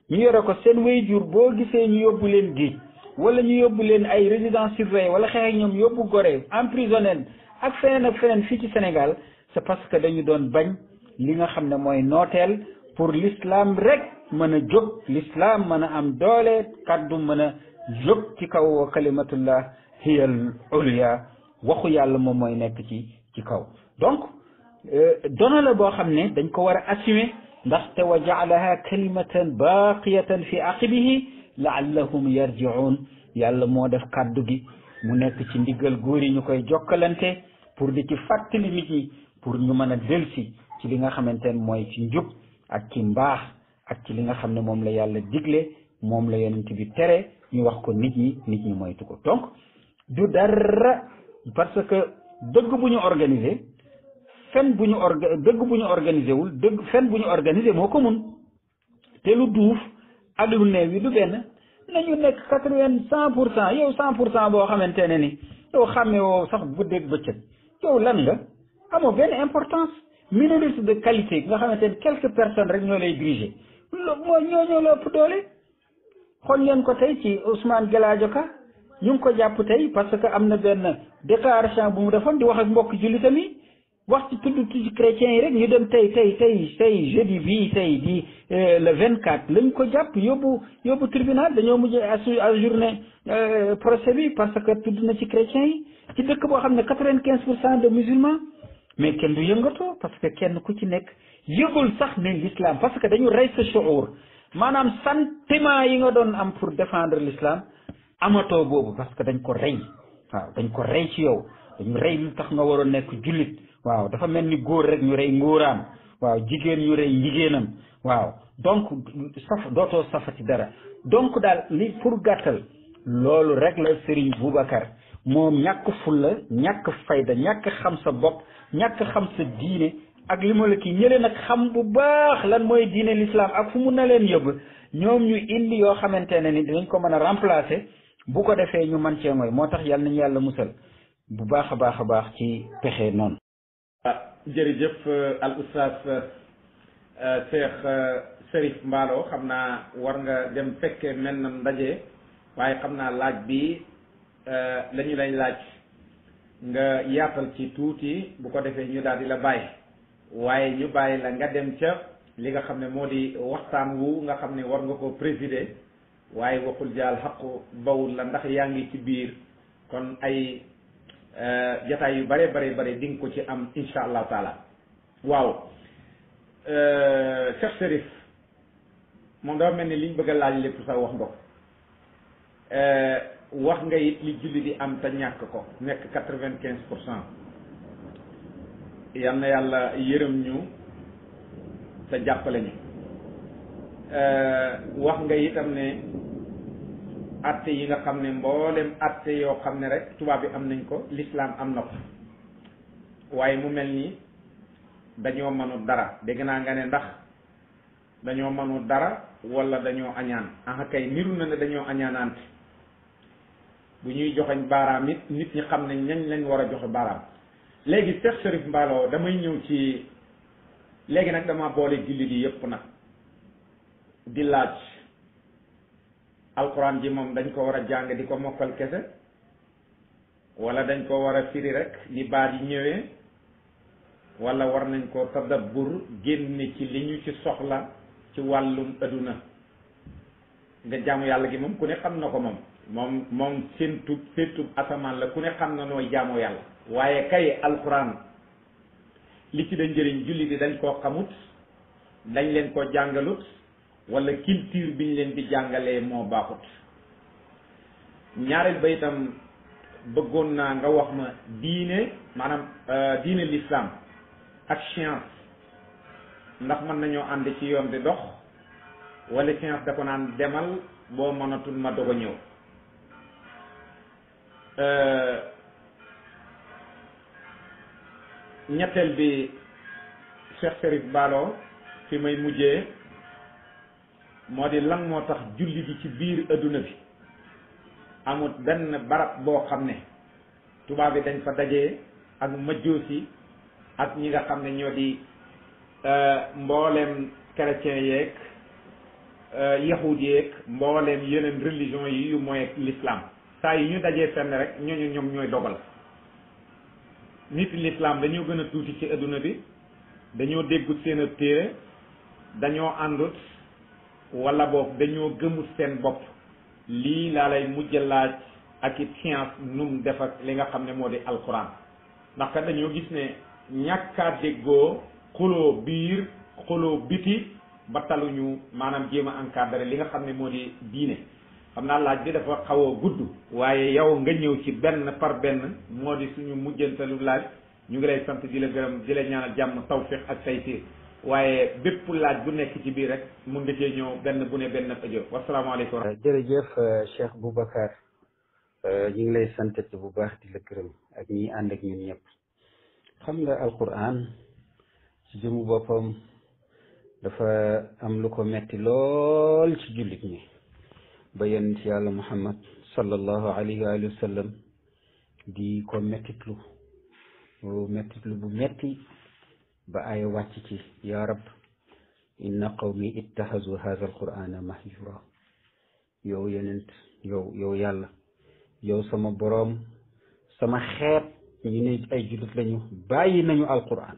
ñu yore ko seen jur boo gisee ñu yóbbu leen géej wala ñu yóbbu leen ay résidence surveillée wala xeex ak ñoom yóbbu Gorée emprisonné leen ak feneen ak feneen fii ci Sénégal c'est parce que dañu doon bañ li nga xam ne mooy nooteel pour l'islam rek mën a jóg l'islam mën a am doole kaddu mën a jóg ci kaw wa kalimatullah hiya al ulya waxu yàlla moom mooy nekk ci ci kaw donc Euh, donale boo xam ne dañ ko war a assumer ndaxte wa jaalaha kalimatan baqiyatan fi aqibihi laallahum yarjiun yàlla moo def kàddu gi mu nekk ci ndiggal góor yi ñu koy jokkalante pour di ci fàttali nit ñi pour ñu mën a delsi ci li nga xamante ne mooy ci njub ak ci mbaax ak ci li nga xam ne moom la yàlla digle moom la yonent bi tere ñu wax ko nit ñi nit ñi moytu ko donc du dara parce que dëgg bu ñu organiser fen bu ñu orga dëgg bu ñu organisé wul dëgg fen bu ñu organisé moo ko mun te lu duuf ak lu neew yi du benn nañu nekk quatre vingt cent pour cent yow cent pour cent boo xamante ne ni yow xàmme woo sax guddeeg bëccëg yow lan nga amoo benn importance minorité de qualité nga xamante ne quelques personnes rek ñoo lay diriger loolu mooy ñoo ñoo la ëpp doole xool ngeen ko tey ci Ousmane Galadio Ka ñu ngi ko jàpp tey parce que am na benn déclaration bu mu defoon di wax ak mbokk jullitam yi wax ci tudd ci chrétiens yi rek ñu dem tey tey tey tey jeudi bii tey di euh, le vingt quatre lañ ko jàpp yóbbu yóbbu tribunal dañoo mujj ajourné euh, procès bi parce que tudd na ci chrétiens yi ci dëkk boo xam ne quatre vingt quinze pour cent de musulmans mais kenn du yëngatoo parce que kenn ku ci nekk yëgul sax ne l'islam parce que dañu rey sa shuur maanaam sentiment yi nga doon am pour défendre l'islam amatoo boobu parce que dañ ko rey waaw dañ ko rey ci yow dañu tax nga waroon nekk jullit waaw dafa mel ni góor rek ñu rey ngóoraam waaw jigéen ñu rey jigéenam waaw donc saf dootoo ci dara donc daal li pour gàttal loolu rek la Serigne Boubacar moom ñàkk fulla ñàkk fayda ñàkk xam sa bopp ñàkk xam sa diine ak li ma la kii ñële nag xam bu baax lan mooy diine lislaam ak fu mun na leen yóbbu ñoom ñu indi yoo xamante ne ni dinañ ko mën a remplacer bu ko defee ñu man cee mooy moo tax yàlla nañu yàlla musal bu baax a baax a baax ci pexe noonu ah jërëjëf euh, al oustaz euh, euh, Cheikh Serif Mballo xam naa war nga dem fekkee mel na ndaje waaye xam naa laaj bi la ñu lay laaj nga yaatal ci tuuti bu ko defee ñu daal di la bàyyi waaye ñu bàyyi la nga dem ca li nga xam ne moo di waxtaan wu nga xam ne war nga ko présider waaye waxul jaal xaqu bawul la ndax yaa ngi ci biir kon ay Euh, jataay yu bare bare bare di ko ci am insha allah taala waaw euh, Cheikh Chérif moom dafa mel ni liñ bëgg a laaj lépp sa wax nga ko euh, wax nga it li julli di am te ñàkk ko nekk quatre vingt quinze pour cent yal na yàlla yërëm ñu sa jàppale ñu wax nga itam ne atte yi nga xam ne mboolem atte yoo xam ne rek tubaab bi am nañ ko lislaam am na ko waaye mu mel nii dañoo mënul dara dégg naa nga ne ndax dañoo mënul dara wala dañoo añaan ah kay niru na ne dañoo añaanante bu ñuy joxeñ baaraam it nit ñi xam ne ñañ lañ war a joxe baaraam léegi Cheikh Chérif Mballo damay ñëw ci léegi nag dama boole jullit yi yépp nag di laaj alquran ji moom dañ ko war a jàng di ko mokkal kese wala dañ ko war a firi rek ni baat yi ñëwee wala war nañ ko tadabbur génne ci li ñu ci soxla ci wàllum aduna nga jaamu yàlla gi moom ku ne xam na ko moom moom moom seen tub seen asamaan la ku ne xam na nooy jaamu yàlla waaye kay alquran li ci de njëriñ julli di dañ koo xamut dañ leen koo jàngalut wala culture bi ñu leen di jàngalee moo baaxut ñaareel ba itam bëggoon naa nga wax ma diine maanaam euh, diine l'islam ak science ndax mën nañoo ànd ci yoon di dox walla science da naan demal boo mënatul ma doog ñëw euh, ñetteel bi Cheikh Serif Balo fi may mujjee moo di lan moo tax julli gi ci biir adduna bi amut benn barab boo xam ne tubaab bi dañ fa dajee ak majoosi ak ñi nga xam ne ñoo di euh, mbooleem chrétien yeeg euh, yahud yeeg mbooleem yeneen religion yi yu mooy lislaam saa yi ñu dajee fenn rek ñooñu ñoom ñooy dogal nit lislaam dañoo gën a tuuti ci adduna bi dañoo déggut seen a téere dañoo àndut wala boog dañoo gëmul seen bopp lii laa lay mujj laaj ak it science num def ak li nga xam ne moo di alquran ndax kat dañoo gis ne ñàkkaa déggoo xuloo biir xuloo biti ba taluñu maanaam jéem a encadré li nga xam ne moo di diine xam naa laaj bi dafa xawoo gudd waaye yow nga ñëw ci benn par benn moo di suñu mujjantalu laaj ñu ngi lay sant di la gërëm di la ñaanal jàmm tawfiq ak taysiir waaye bépp laaj bu nekk ci biir rek mun nga cee ñëw benn bu ne benn ëjë wasalaamaaleykum jërëjëf euh, Cheikh Boubacar euh, ñu ngi lay santati bu baax di la gërëm ak ñu ànd ak ñun ñëpp xam nga alquran ci jëmu boppam dafa am lu ko metti lool ci jullit ñi ba yonent yàlla muhammad sallallahu alayhi wa sallam di ko mettitlu mettitlu bu metti ba ay wàcc ci yaa rab inna qawmi ittaxazu hadha alqurana mahjura yow yenent yow yow yàlla yow sama boroom sama xeet ñu ne ay jullit lañu bàyyi nañu alquran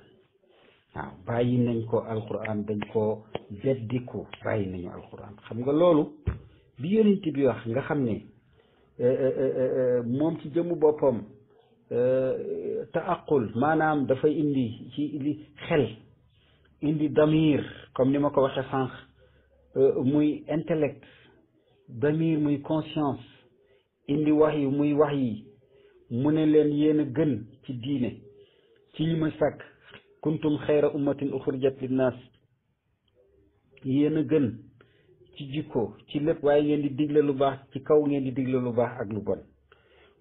waaw bàyyi nañ ko alquran dañ ko beddiku bàyyi nañu alquran xam nga loolu bi yonent bi wax nga xam ne moom ci jëmmu boppam Euh, taaqul maanaam dafay indi ci li xel indi damir comme ni ma ko waxee sànq euh, muy intellect damir muy conscience indi wax yi muy wax yi mu ne leen yéen gën ci diine ci lima ma sàkk kuntum xayra ummatin uxrijat linnaas yéen a gën ci jikko ci lépp waaye ngeen di digle lu baax ci kaw ngeen di digle lu baax ak lu bon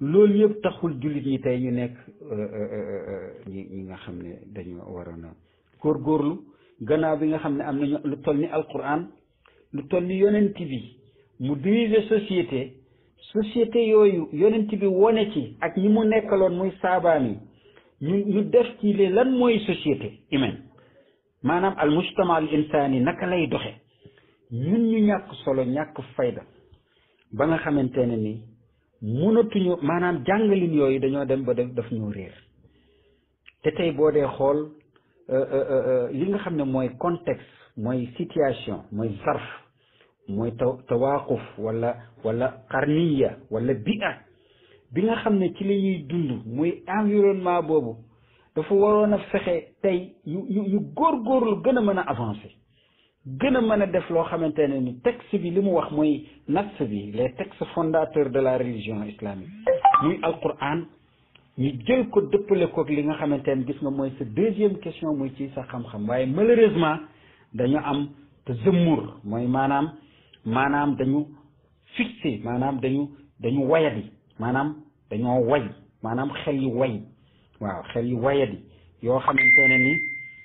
loolu yëpp taxul jullit yi tey ñu nekk euh, euh, euh, ñi ñi nga xam ne dañu waroon góor góorgóorlu gannaaw bi nga xam ne am nañu lu toll ni alquran lu toll ni yonent bi mu dirige société société yooyu yonent bi wone ci ak ñi mu nekkaloon muy saabaan yi ñu ñu def ci le lan mooy société humaine maanaam al mujtama al insani naka lay doxe ñun ñu ñàkk solo ñàkk fayda ba nga xamante ne ni mënatuñu maanaam jàngalin yooyu dañoo dem ba def daf ñoo réer te tey boo dee xool euh, euh, euh, li nga xam ne mooy contexte mooy situation mooy zarf mooy ta tawaaquf walla walla xarniya wala bi'a bi nga xam ne ci la dund muy environnement boobu dafa waroon a fexe tey yu yu yu góorgóorlu gën a mën a avancer gën a mën a def loo xamante ne ni texte bi li mu wax mooy nas bi les textes fondateur de la religion islamique muy alquran ñu jël ko dëppale ko li nga xamante ne gis nga mooy sa deuxième question muy ci sa xam-xam waaye malheureusement dañu am te mooy maanaam maanaam dañu fixé maanaam dañu dañu wayadi maanaam dañoo way maanaam xel yi way waaw xel yi wayadi yoo xamante ne ni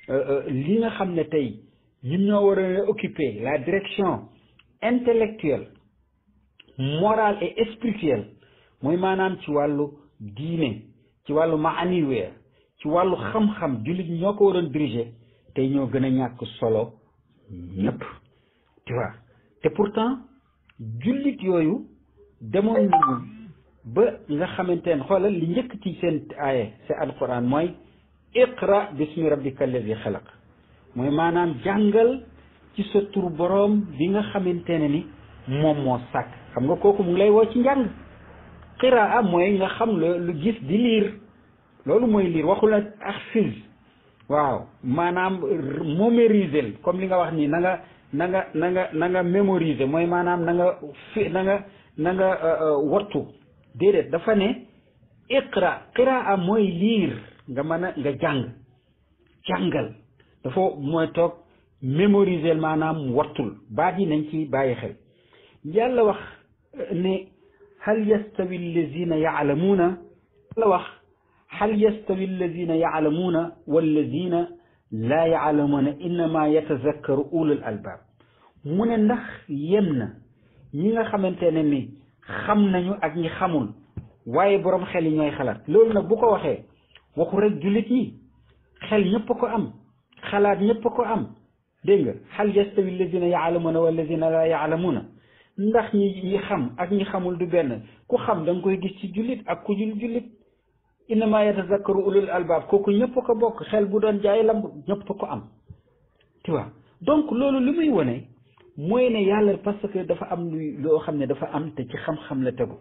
euh, euh, li nga xam ne tey ñun ñoo war a la direction intellectuelle morale et spirituelle mooy maanaam ci wàllu diine ci wàllu maaniweer ci wàllu xam-xam jullit ñoo ko waroon diriger tey ñoo gën a ñàkk solo ñëpp tu vois te pourtant jullit yooyu demoon nañu ba nga xamante ne xoolal li njëkk ci seen aaye c'est alquran mooy iqra bismi rabbika alladi xalaq mooy maanaam jàngal ci sa tur boroom bi nga xamante ne ni moom moo sàkk xam nga kooku mu ngi lay woo ci njàng qiraa mooy nga xam la lu gis di liir loolu mooy liir waxul ak axfis waaw maanaam mémoriser comme li nga wax nii na nanga nanga nga na mooy maanaam na nga fi na nga na nga euh, euh, wattu déedéet dafa ne iqra qiraa mooy liir nga mën a nga jàng jàngal dafa mooy toog mémoriser maanaam wattul baat yi nañ ci bàyyi xel yàlla wax euh, ne hal yastawi allazina yaalamuuna yàlla wax hal yastawi allazina yaalamuuna wallazina laa yaalamuuna innama yatazakkaru ulul albaab mu ne ndax yem na ñi nga xamante ne ni xam nañu ak waaye boroom xel yi ñooy xalaat loolu nag bu ko waxee waxu rek jullit yi xel ñëpp ko am xalaat ñëpp ko am dégg nga xal yastawi allazina yaalamuuna wallazina laa yaalamuuna ndax ñi ñi xam ak ñi xamul du benn ku xam da nga koy gis ci jullit ak ku jul jullit innama yatazakkaru ulul albaab kooku ñëpp ko bokk xel bu doon jaay lamb ñëpp ko am tu vois donc loolu li muy wone mooy ne yàlla parce que dafa am lu loo xam ne dafa am te ci xam-xam la tegu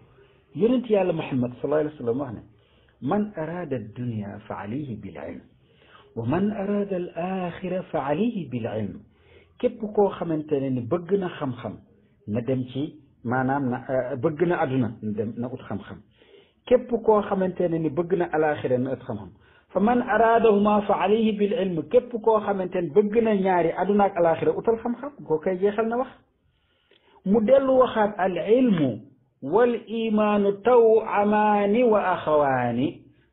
yonent yàlla muhammad sallallahu alayhi wa sallam wax ne man araada dunya fa alayhi bil ilm wa man araada al axira fa alayhi bil ilm képp koo xamante ne ni bëgg na xam-xam na dem ci maanaam na bëgg na àdduna na dem na ut xam-xam képp koo xamante ne ni bëgg na alaxira na ut xam-xam fa man araadahuma fa alayhi bil ilm képp koo xamante ne bëgg na ñaari àdduna ak alaxira utal xam-xam koo koy jeexal na wax mu dellu waxaat al ilmu wal imaanu taw amaani wa axawaani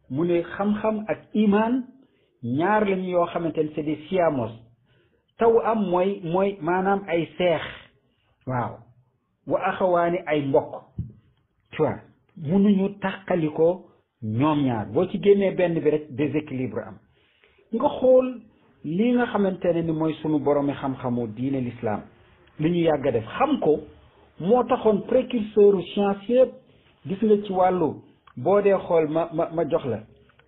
mu ne xam-xam ak imaan ñaar lañu yoo xamante ne c'est des siamos taw am mooy mooy maanaam ay seex waaw wa axawaani ay mbokk tu ñu munuñu tàqalikoo ñoom ñaar boo ci génnee benn bi rek déséquilibre am nga xool li nga xamante ne ni mooy sunu boromi xam-xamu diine l'islam li ñu yàgg a def xam ko moo taxoon précurseur science yëpp gis nga ci wàllu boo dee xool ma ma ma jox la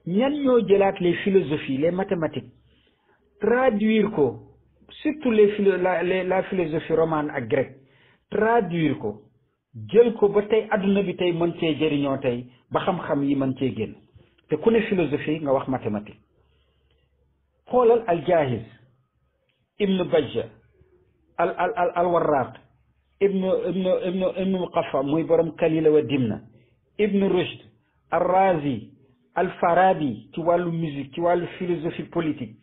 ñan ñoo jëlaat les philosophies les mathématiques traduire ko surtout les philo la philosophie romane ak grecque traduire ko jël ko ba tey adduna bi tey mën cee jëriñoo tey ba xam-xam yi mën cee génn te ku ne philosophie nga wax mathématique xoolal al jaahiz ibnu bajja al al al al warraq ibnu ibnu ibnu ibnu qafa muy borom kalila wa dimna ibnu rushd al razi al-Farabi ci wàllu musique ci wàllu philosophie politique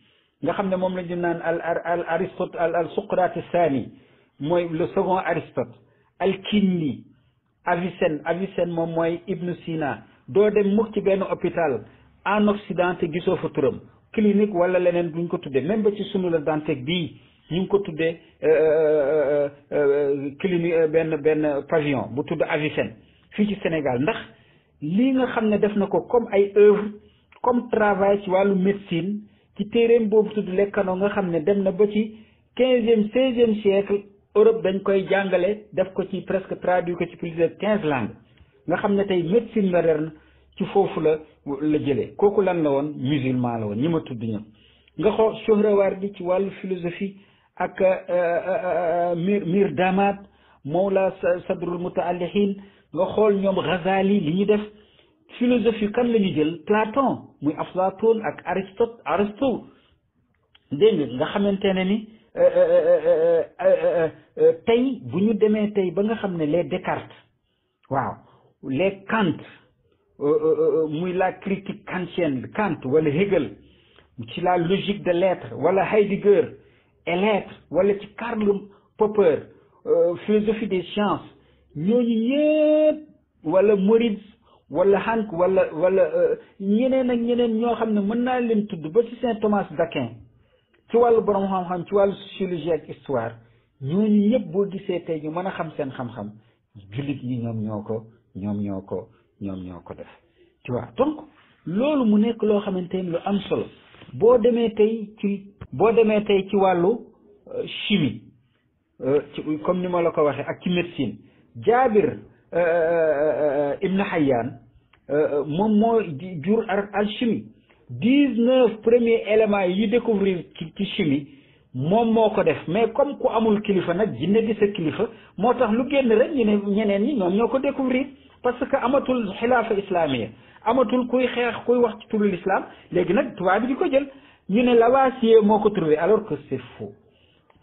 nga xam ne moom la ñu naan al al Aristote al al Socrate Sani mooy le second Aristote al-Kindi Avicenne Avicenne moom mooy Ibn Sina doo dem mukk ci benn hôpital en Occident te gisoo fa turam clinique wala leneen duñ ko tuddee même ba ci sunu la Dantec bii ñu ngi ko tuddee euh, euh, euh, clinique benn benn pavillon bu tudd Avicenne fii ci Sénégal ndax. lii nga xam ne def na ko comme ay œuvre comme travail ci wàllu médecine ci téeréem boobu tudd Lecanoo nga xam ne dem na ba ci quinzième seizième siècle Europe dañ koy jàngale def ko ci presque traduit ko ci plus quinze langues nga xam ne tey médecine moderne ci foofu la la jële kooku lan la woon musulman la woon ñi ma tudd ñëpp nga xoo Suhrawardi ci wàllu philosophie ak euh, euh, euh, Mir Mir Damat Mawla Sadrul Mutaallihin nga xool ñoom Ghazali li ñu def philosophie kan la ñu jël Platon muy Aflaatoon ak Aristote Aristote dégg nga nga xamante ne ni tey bu ñu demee tey ba nga xam ne les Descartes waaw les Kant muy la critique kantienne Kant wala Hegel ci la logique de l'être wala Heidegger et l'être wala ci Karl Popper philosophie des sciences ñooñu ñëpp wala morit wala hank wala wala euh, ñeneen ak ñeneen ñoo xam ne mën naa leen tudd ba ci saint Thomas d'Aquin ci wàllu borom xam-xam ci wàllu sociologie ak histoire ñooñu ñëpp boo gisee tey ñu mën a xam seen xam-xam jullit ñi ñoom ñoo ko ñoom ñoo ko ñoom ñoo ko def tu vois donc loolu mu nekk loo xamante ni lu am solo boo demee tey ci boo demee tey ci wàllu euh, chimie euh, ci comme ni ma la ko waxee ak ci médecine jaabir euh, euh, ibn Hayyan euh, moom moo jur alchimie dix-neuf premiers éléments yi découvrir ci ci chimie moom moo ko def mais comme ku amul kilifa nag jinne di sa kilifa moo tax lu génn rek ñu ne ñeneen ñi ñoom ñoo ko découvrir parce que amatul xilaafa islamiya amatul kuy xeex kuy wax ci turu l'islam léegi nag tubaab bi di ko jël ñu ne Lavoisier moo ko trouvé alors que c'est faux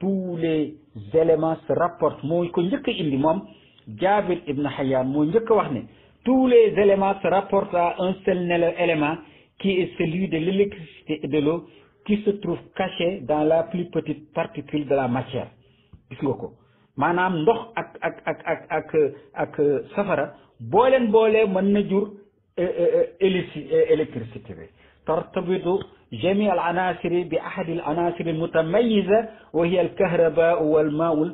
tous les éléments se moo ko njëkk indi moom Jaabir ibn Hayyan moo njëkk a wax ne tous les éléments se rapportent à un seul élément qui est celui de l'électricité et de l'eau qui se trouve caché dans la plus petite particule de la matière gis nga ko maanaam ndox ak ak ak ak ak ak safara boo leen boolee mën na jur e, e, e, électricité bi tartabitu jami al anasiri bi ahadi al anasiri al mutamayyiza wa hiya al kahraba wal maul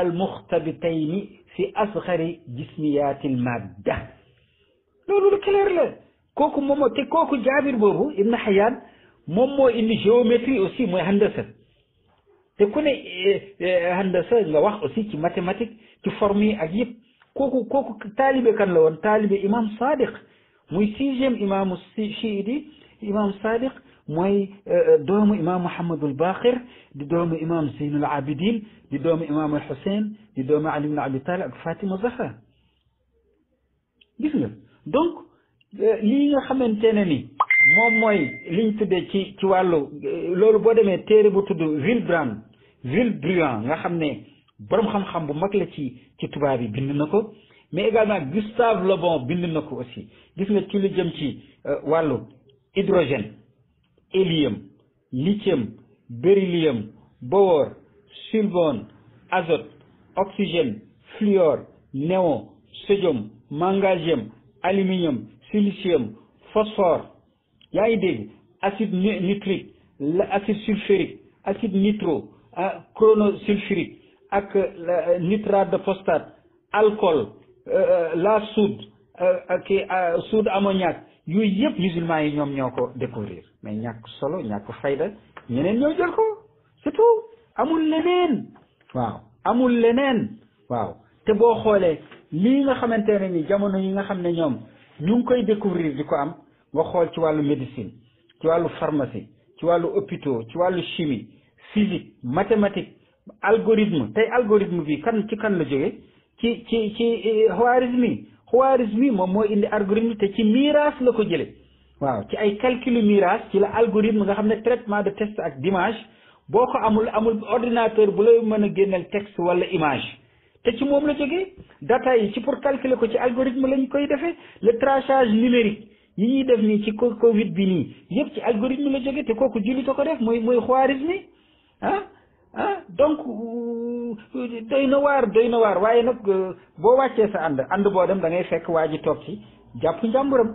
al muxtabitayni fi asxari jismiyaatil madda loolu lu clair la kooku moom te kooku jaabir boobu Ibn Hayyan moom moo indi géométrie aussi mooy handasa te ku ne eh, eh, handasa nga wax aussi ci mathématique ci forme yi ak yëpp kooku kooku taalibe kan la taalibe imam sadiq muy sixième imaamu chiite imam sadiq mooy euh, euh, doomu imaam Muhammadul Baqir di doomu di doomu imaam al Xuseyn di doomu Ali ibn Abi Talib ak Fatima Zahra gis nga donc euh, lii nga xamante ne ni moom mooy liñ tuddee ci ci wàllu loolu boo demee téere bu tudd Villebrand Villebrand nga xam ne boroom xam-xam bu mag la ci ci tubaab yi bind na ko mais également Gustave Le Bon bind na ko aussi gis nga ci lu jëm ci wàllu hydrogène hélium lithium beryllium bore sulfone azote oxygène fluor néon sodium magnésium aluminium silicium phosphore yaa ngi dégg acide nitrique sulfurique acide nitro ah, chronosulfurique ak nitrate de phosphate alcool euh, euh, la soude euh, ak ah, soude ammoniaque yooyu yëpp musulman yi ñoom ñoo ko découvrir mais ñàkk solo ñàkk fayda ñeneen ñoo jël ko c'est tout amul leneen waaw amul leneen waaw te boo xoolee lii nga xamante ne ni jamono yi nga xam ne ñoom ñu ngi koy découvrir di ko am nga xool ci wàllu médecine ci wàllu pharmacie ci wàllu hôpitaux ci wàllu chimie physique mathématique algorithme tey algorithme bi kan ci kan la jóge ci ci ci Khwarizmi eh, Khwarizmi moom moo indi algorithme te ci miraas la ko jële waaw ci ay calcul mirage ci la algorithme nga xam ne traitement de texte ak d'image boo ko amul amul ordinateur bu lay mën a génneel texte wala image te ci moom la jógee data yi ci pour calculer ko ci algorithme lañ koy defee le traçage numérique yi ñuy def nii ci Covid bi nii yëpp ci algorithme la jógee te kooku jullit a ko def mooy mooy Khwarizmi ah ah donc euh, doy na waar doy na waar waaye nag euh, boo wàccee sa ànd ànd boo dem da ngay fekk waa ji toog ci jàpp njàmburam.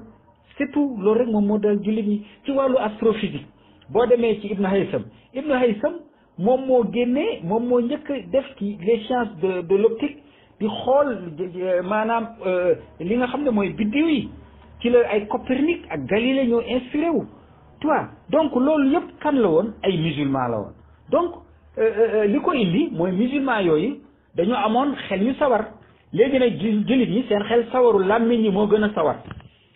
c'est tout loolu rek moom moo dal jullit ñi ci wàllu astrophysique boo demee ci Ibn Haytham Ibn Haytham moom moo génnee moom moo njëkk def ci les sciences de de l'optique di xool maanaam euh, li nga xam ne mooy biddiw yi ci la ay Copernic ak Galilée ñoo inspiré wu tu donc loolu yëpp kan la woon ay musulman la woon donc euh, euh, li ko indi mooy musulman yooyu dañoo amoon xel yu sawar léegi nag jullit ñi seen xel sawarul làmmiñ yi moo gën a sawar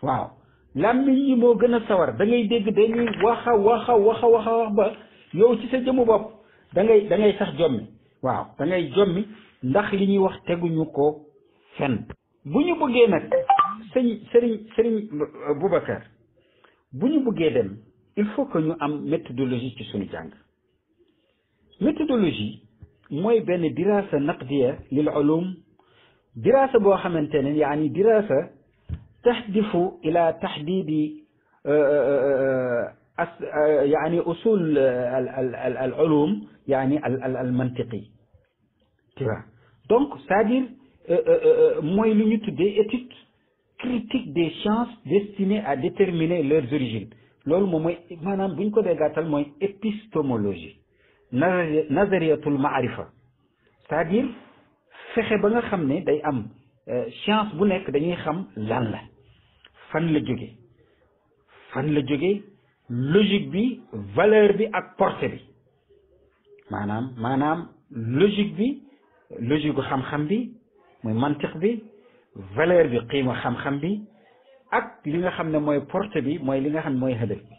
waaw làmmiñ yi moo gën a sawar dangay ngay dégg dañuy waxa waxa waxa wax ba yow ci sa jëmu bopp da ngay sax jommi waaw da jommi ndax li ñuy wax teguñu ko fenn bu ñu bëggee nag sëñ sëriñ sëriñ Boubacar bu ñu bëggee dem il faut que ñu am méthodologie ci suñu jàng méthodologie mooy benn dirasa naqdiya lil ulum dirasa boo xamante ne yaani dirasa تهدف إلى تحديد يعني أصول العلوم يعني المنطقي tu vois donc c'est-à-dire mooy lu ñu tuddee étude critique des sciences destinées à déterminer leurs origines loolu moom mooy maanaam bu ñu ko dee gàttal mooy épistémologie nazariyatul maarifa c'est-à-dire fexe ba nga xam ne day am euh, science bu nekk dañuy xam lan la fan la jóge fan la jóge logique bi valeur bi ak portée bi maanaam maanaam logique bi logique gu xam-xam bi mooy mantiq bi valeur bi qiima xam-xam bi ak li nga xam ne mooy portée bi mooy li nga xam ne mooy hadaf bi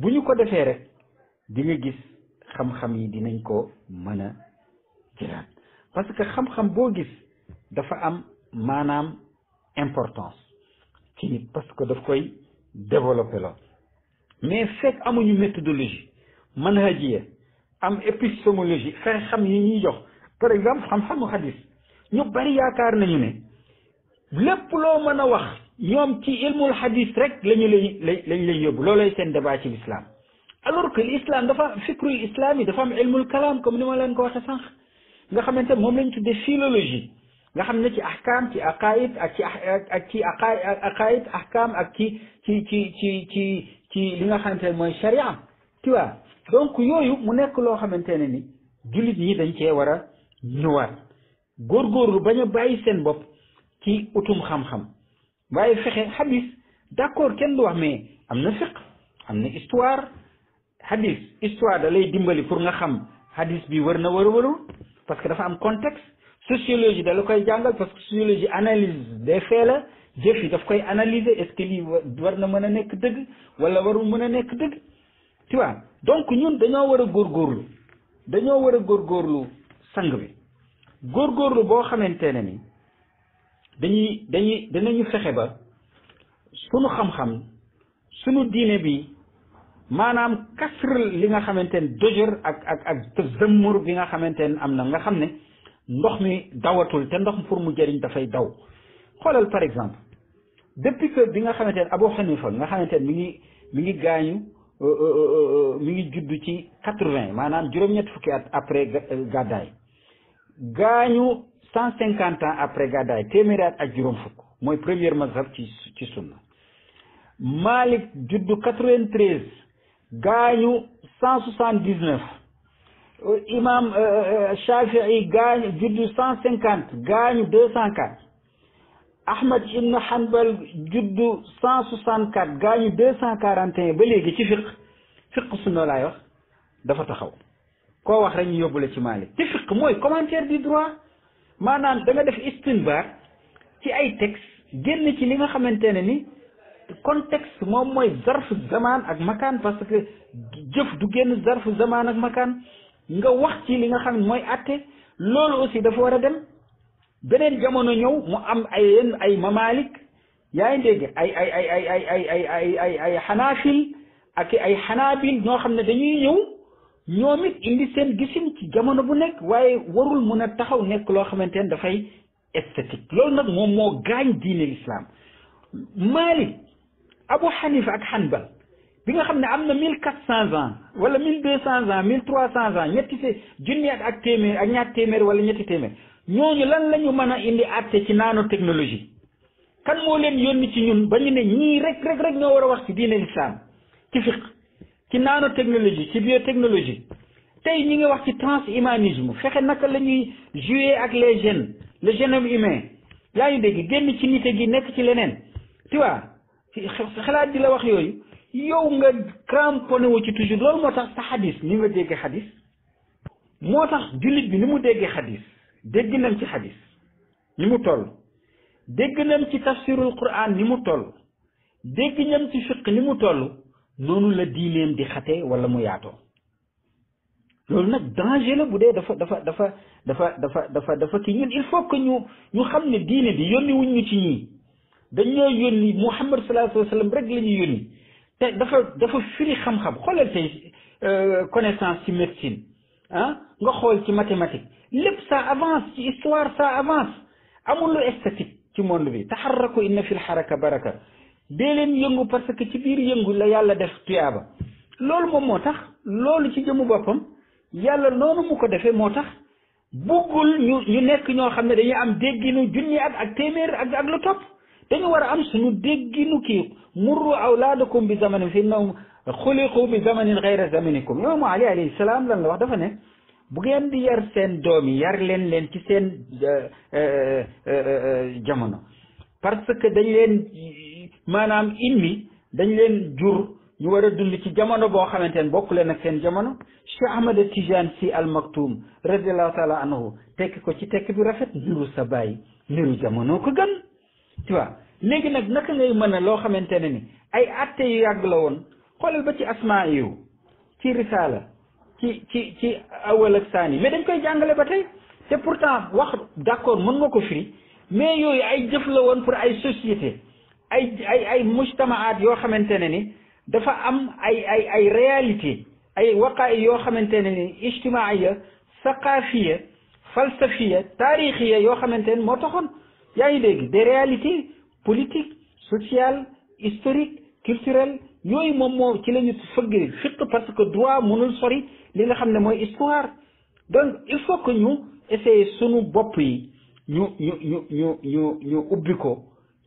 bu ñu ko defee rek di nga gis xam-xam yi dinañ ko mën a parce que xam-xam boo gis dafa am maanaam importance ci nit parce que daf koy développé la mais fekk amuñu méthodologie manhajiya am épistémologie fexe xam yi ñuy jox par exemple xam-xamu xadis ñu bari yaakaar nañu ne lépp loo man a wax ñoom ci ilmul xadis rek lañu lay lañ lay yóbbu loolay seen débat ci l'islam alors que l'islam dafa am fikru islam yi dafa am ilmul kalaam comme ma leen ko waxee sànq nga xamante moom lañ tuddee philologie nga xam ne ci ahkaam ci aqaid ak ci ah, ak ci aqaid ahkaam ak ci ci ci ci ci li nga xamante ne mooy sharia tu vois donc yooyu mu nekk loo xamante ne ni jullit ñi dañ cee war a ñëwaat góorgóorlu bañ a bàyyi seen bopp ci utum xam-xam waaye fexe hadis d'accord kenn du wax mais am na fiqh am na histoire hadis histoire da lay dimbali pour nga xam hadis bi war na wër wërul parce que dafa am contexte sociologie da la koy jàngal parce que sociologie analyse des faits la jëf yi daf koy analyse est-ce que war na mën a nekk dëgg wala warul mën a nekk dëgg tu donc ñun dañoo war a góor góorlu dañoo war a góor góorgóorlu sang bi góor góorlu boo xamante ne ni dañuy dañuy dinañu fexe ba sunu xam-xam sunu diine bi maanaam kasr li nga xamante ne dojër ak ak ak tëzammur bi nga xamante ne am na nga xam ne ndox mi dawatul te ndox pour mu jëriñ dafay daw xoolal par exemple depuis que bi nga xamante ne Abu Hanifa nga xamante ne mi ngi mi ngi gaañu euh, euh, euh, mi ngi juddu ci quatre-vingt maanaam juróom-ñett fukki at après gàddaay gaañu cent cinquante ans après gàddaay téeméeri ak juróom mooy première mazhab ci ci sunna Malik juddu quatre gaañu cent soixante-dix-neuf imam euh, euh, Shafi'i gaañu juddu cent cinquante gaañu deux cent quatre Ahmad ibn Hanbal juddu cent soixante quatre gaañu deux cent quarante et un ba léegi ci fiq fiq sunna laay wax dafa taxaw koo wax rek ñu yóbbu la ci Maalik te fiq mooy commentaire du droit maanaam da nga def istinbaar ci ay textes génn ci li nga xamante ne ni contexte moom mooy zarf zamaan ak makaan parce que jëf du génn zarf zamaan ak makaan nga wax ci li nga xam mooy àtte loolu aussi dafa war a dem beneen jamono ñëw mu am ay yenn ay mamalik yaa ngi dégg ay ay ay ay ay ay ay ay ay ay xanaafil ak ay xanaabil ñoo xam ne dañuy ñëw ñoom it indi seen gisin ci jamono bu nekk waaye warul mun a taxaw nekk loo xamante ne dafay esthétique loolu nag moom moo gaañ diine lislaam Maalik Abu Xanifa ak Xanbal bi nga xam ne am na mille quatre cent ans wala mille deux cent ans mille trois cent ans ñetti se junni ak téeméer ak ñaar téeméer wala ñetti téeméer ñooñu lan la ñu mën a indi àtte ci naano nanotechnologie kan moo leen yónni ci ñun ba ñu ne ñii rek rek rek ñoo war a wax ci diine lislaam ci fiq ci nanotechnologie ci biotechnologie tey ñi ngi wax ci transhumanisme fexe naka la ñuy jouer ak les gènes le génome humain yaa ngi dégg génn ci nite gi nekk ci leneen tu vois xalaat di la wax yooyu yow nga cramponné wu ci toujours loolu moo tax sa xadis ni nga déggee xadis moo tax jullit bi ni mu déggee xadis dégg nam ci xadis ni mu toll dégg nañ ci tafsirul quran ni mu toll dégg nam ci fiq ni mu toll noonu la diineem di xate wala mu yaatoo loolu nag danger la bu dee dafa dafa dafa dafa dafa dafa dafa kii ñun il faut que ñu ñu xam ne diine bi yónni wuñ ci ñii dañoo yónni Muhammad sallallahu alayhi rek la ñu yónni te dafa dafa firi xam-xam xoolal tey euh, connaissance ci médecine ah nga xool ci mathématique lépp ça avance ci histoire ça avance amul lu esthétique ci monde bi taxarraku inna fil xaraka baraka dee leen yëngu parce que ci biir yëngu la yàlla def tuyaaba loolu moom moo tax loolu ci jëmu boppam yàlla noonu mu ko defee moo tax buggul ñu ñu nekk ñoo xam ne dañuy am dégginu junni at ak téeméer ak ak lu topp dañu war a am suñu dégginu kii murru awlaadakum bi zamanin fa innahum xuliqu bi zamanin xayra zamanikum imaamu Ali alayhi salaam lan la wax dafa ne bu ngeen di yar seen doom yi yar leen leen ci seen euh, euh, euh, jamono parce que dañ leen maanaam immi dañ leen jur ñu war a dund ci jamono boo xamante ne bokk leen ak seen jamono Cheikh Ahmad Tijaan si al maktum radiallahu taala anhu tekki ko ci tekki bi rafet niru sa baay niru jamono ko gën tu vois léegi nag naka ngay mën a loo xamante ne ni ay atte yu yàgg la woon xoolal ba ci asmaa yu ci risaala ci ci ci awal ak saani mais dañ koy jàngale ba tey te pourtant wax d'accord mën nga ko firi mais yooyu ay jëf la woon pour ay société ay ay ay mujtamaat yoo xamante ne ni dafa am ay ay ay réalité ay waqaay yoo xamante ne ya ijtimaaya saqaafiya falsafiya taarixiya yoo xamante ne moo taxoon yaa ngi dégg des réalités politiques sociales historiques culturelles yooyu moom moo ci la ñu fëggee surtout parce que droit mënul sori li nga xam ne mooy histoire donc il faut que ñu essayer sunu bopp yi ñu ñu ñu ñu ñu ñu ubbi ko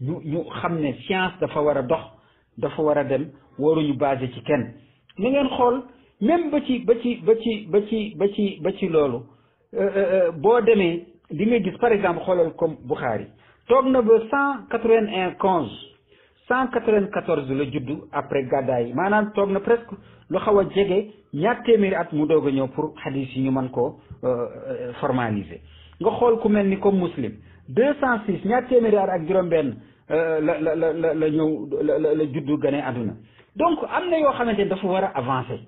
ñu ñu xam ne science dafa war a dox dafa war a dem waruñu basé ci kenn na ngeen xool même ba ci ba ci ba ci ba ci ba ci ba ci loolu euh, euh, euh, boo demee li ngay gis par exemple xoolal comme Bukhari toog na ba cent quatre-vingt-quinze cent quatre-vingt-quatorze la juddu après gàddaay yi maanaam toog na presque lu xaw a jege ñaar téeméeri at mu doog a ñëw pour xadis yi ñu man ko euh, formaliser nga xool ku mel ni comme muslim deux cent six ñaar téeméeri at ak juróom-benn euh, la la la la ñëw la la juddu gane àdduna donc am na yoo xamante ni dafa war a avancer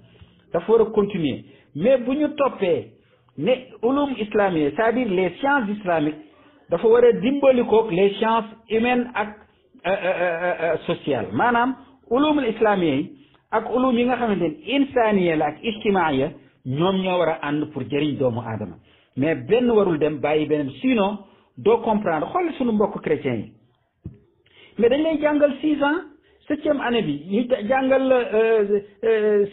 dafa war a continuer mais bu ñu toppee ne ulum islamiyya c'est-à-dire les sciences islamiques dafa war a dimbali koog les sciences humaines ak euh, euh, euh, sociales maanaam ulumul islamiyya yi ak ulum yi nga xamante ne insaniya la ak ya ñoom ñoo war a ànd pour jëriñ doomu aadama mais benn warul dem bàyyi beneen sinon doo comprendre xool suñu mbokk chrétiens yi mais dañ lay jàngal six ans septième année bi ñu jàngal la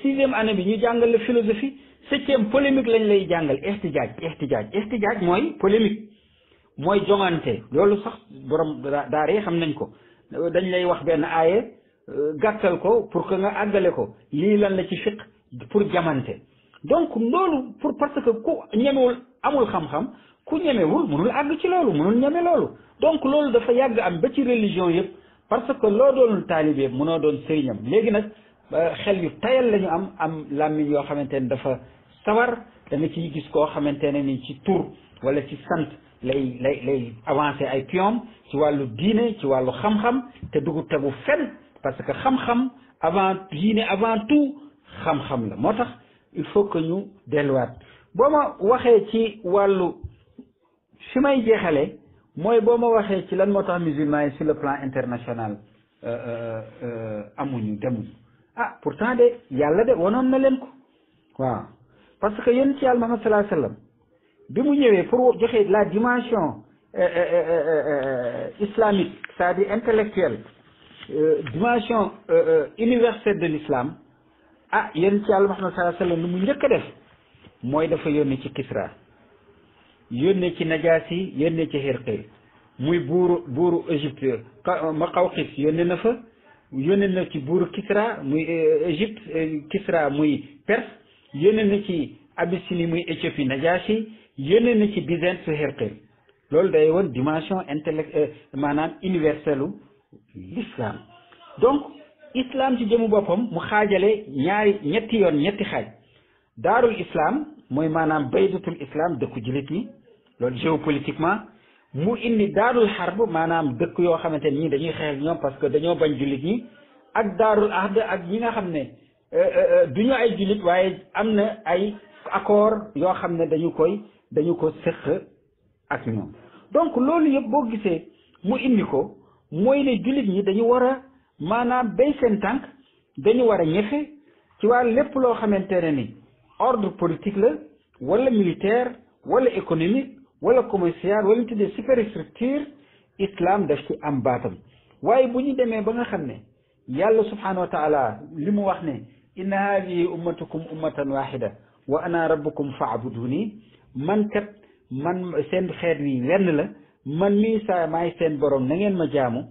sixième année bi ñu jàngal la philosophie septième polémique lañ lay jàngal ihtijaaj ihtijaaj ihtijaaj mooy polémique mooy joŋante loolu sax borom daara yi xam nañ ko dañ lay wax benn aaye gàttal ko pour que nga àggale ko lii lan la ci fiq pour jamante donc loolu pour parce que ku ñemewul amul xam-xam ku ñemewul mënul àgg ci loolu mënul ñeme loolu donc loolu dafa yàgg am ba ci religion yëpp parce que loo doonul taalibe mënoo doon sëriñam léegi nag xel yu tayal lañu am am làmmiñ yoo xamante ne dafa sawar da nga ciy gis koo xamante ne ni ci tur wala ci sant lay lay lay ay pion ci wàllu diine ci wàllu xam-xam te dugu tegu fenn parce que xam-xam avant diine avant tout xam-xam la moo tax il faut que ñu delluwaat boo ma waxee ci wàllu fi may jeexale mooy boo ma waxee ci lan moo tax musulman yi sur le plan international euh, euh, euh, amuñu demuñu ah pourtant de yàlla de wanoon na leen ko waaw parce que yéen ci yàlla Muhammad sallallahu alayhi bi mu ñëwee pour joxe la dimension euh, euh, euh, islamique c'est-à-dire intellectuelle dimension universelle de l'islam ah yéen ci yàlla Muhammad sallallahu alayhi lu mu njëkk a def mooy dafa yónne ci Kisra yónne ci Najaasi yónne ci Xirqil muy buuru buuru Égypte Maqawqis yónne na fa yónne na ci buuru Kisra muy Égypte Kisra muy Perse yónne na ci Abyssinie muy Éthiopie Najaasi yónnee na ci dizaine su xirqin loolu day woon dimension intellect euh, maanaam universelle l'islam donc islam ci jëmu boppam mu xaajale ñaari ñetti yoon ñetti xaaj daarul islaam mooy maanaam baydatul islam dëkku jullit ñi loolu géopolitiquement mu indi daarul xarb maanaam dëkk yoo xamante ni dañuy xeex ñoom parce que dañoo bañ jullit ñi ak daarul ahd ak ñi nga xam ne euh, euh, duñu ay jullit waaye am na ay accord yoo xam ne dañu koy dañu ko seq ak ñoom donc loolu yëpp boo gisee mu indi ko mooy ne jullit ñi dañu war a maanaam béy seen tànk dañu war a ñefe ci wàll lépp loo xamante ne ni ordre politique la wala militaire wala économique wala commercial wala ñu tuddee superstructure islam def ci am baatam waaye bu ñu demee ba nga xam ne yàlla subhanahu li mu wax ne inna hadihi ummatukum ummatan wahida wa ana rabbukum faabuduni man kat man seen xeet wi wenn la man mii saa maay seen borom na ngeen ma jaamu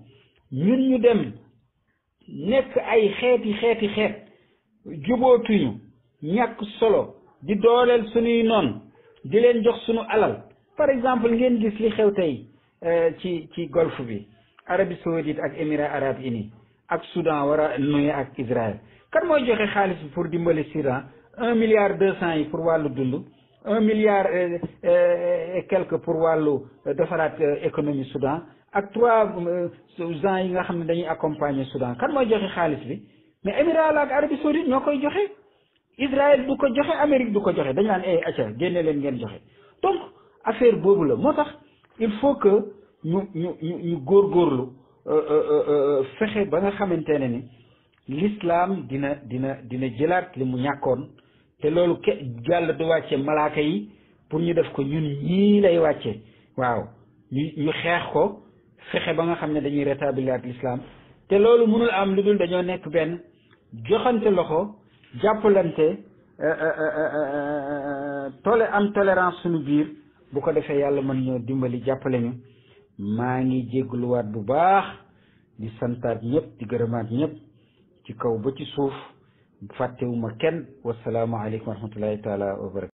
ñun ñu dem nekk ay xeeti xeeti xeet jubootuñu ñàkk solo di dooleel suñuy noon di leen jox suñu alal par exemple ngeen gis li xew tey euh, ci ci golfe bi Arabie Saoudite ak Émirats Arabes Unis ak Soudan war a nuyu ak Israël kan mooy joxe xaalis bi pour dimbali Soudan un milliard deux cent yi pour wàllu dund un milliard e quelque pour wàllu euh, defaraat économie soudans ak trois gens yi nga xam ne dañuy accompagner Soudan kan mooy joxe xaalis bi mais émirat la ak Arabie Saoudite ñoo koy joxe Israël du ko joxe Amérique du ko joxe dañ naan ay eh, acca génne leen ngeen joxe donc affaire boobu la moo tax il faut que ñu ñu ñu ñu góorgóorlu fexe ba nga xamante ne ni l'islam dina dina dina jëlaat li mu ñàkkoon te loolu ke yàlla du wàcce malaaka yi pour ñu def ko ñun ñii lay wàcce waaw ñu xeex ko fexe ba nga xam ne dañuy rétablir l'islam te loolu mënul am lu dul dañoo nekk benn joxante loxo jàppalante euh, euh, euh, tole am tolérance suñu biir bu ko defee yàlla mën ñoo dimbali jàppale ñu maa ngi jéggluwaat bu baax di santaat ñëpp di gërëmaat ñëpp ci kaw ba ci suuf fàttewuma kenn wasalaamualeykum wa rahmatullahi taala wa barakatu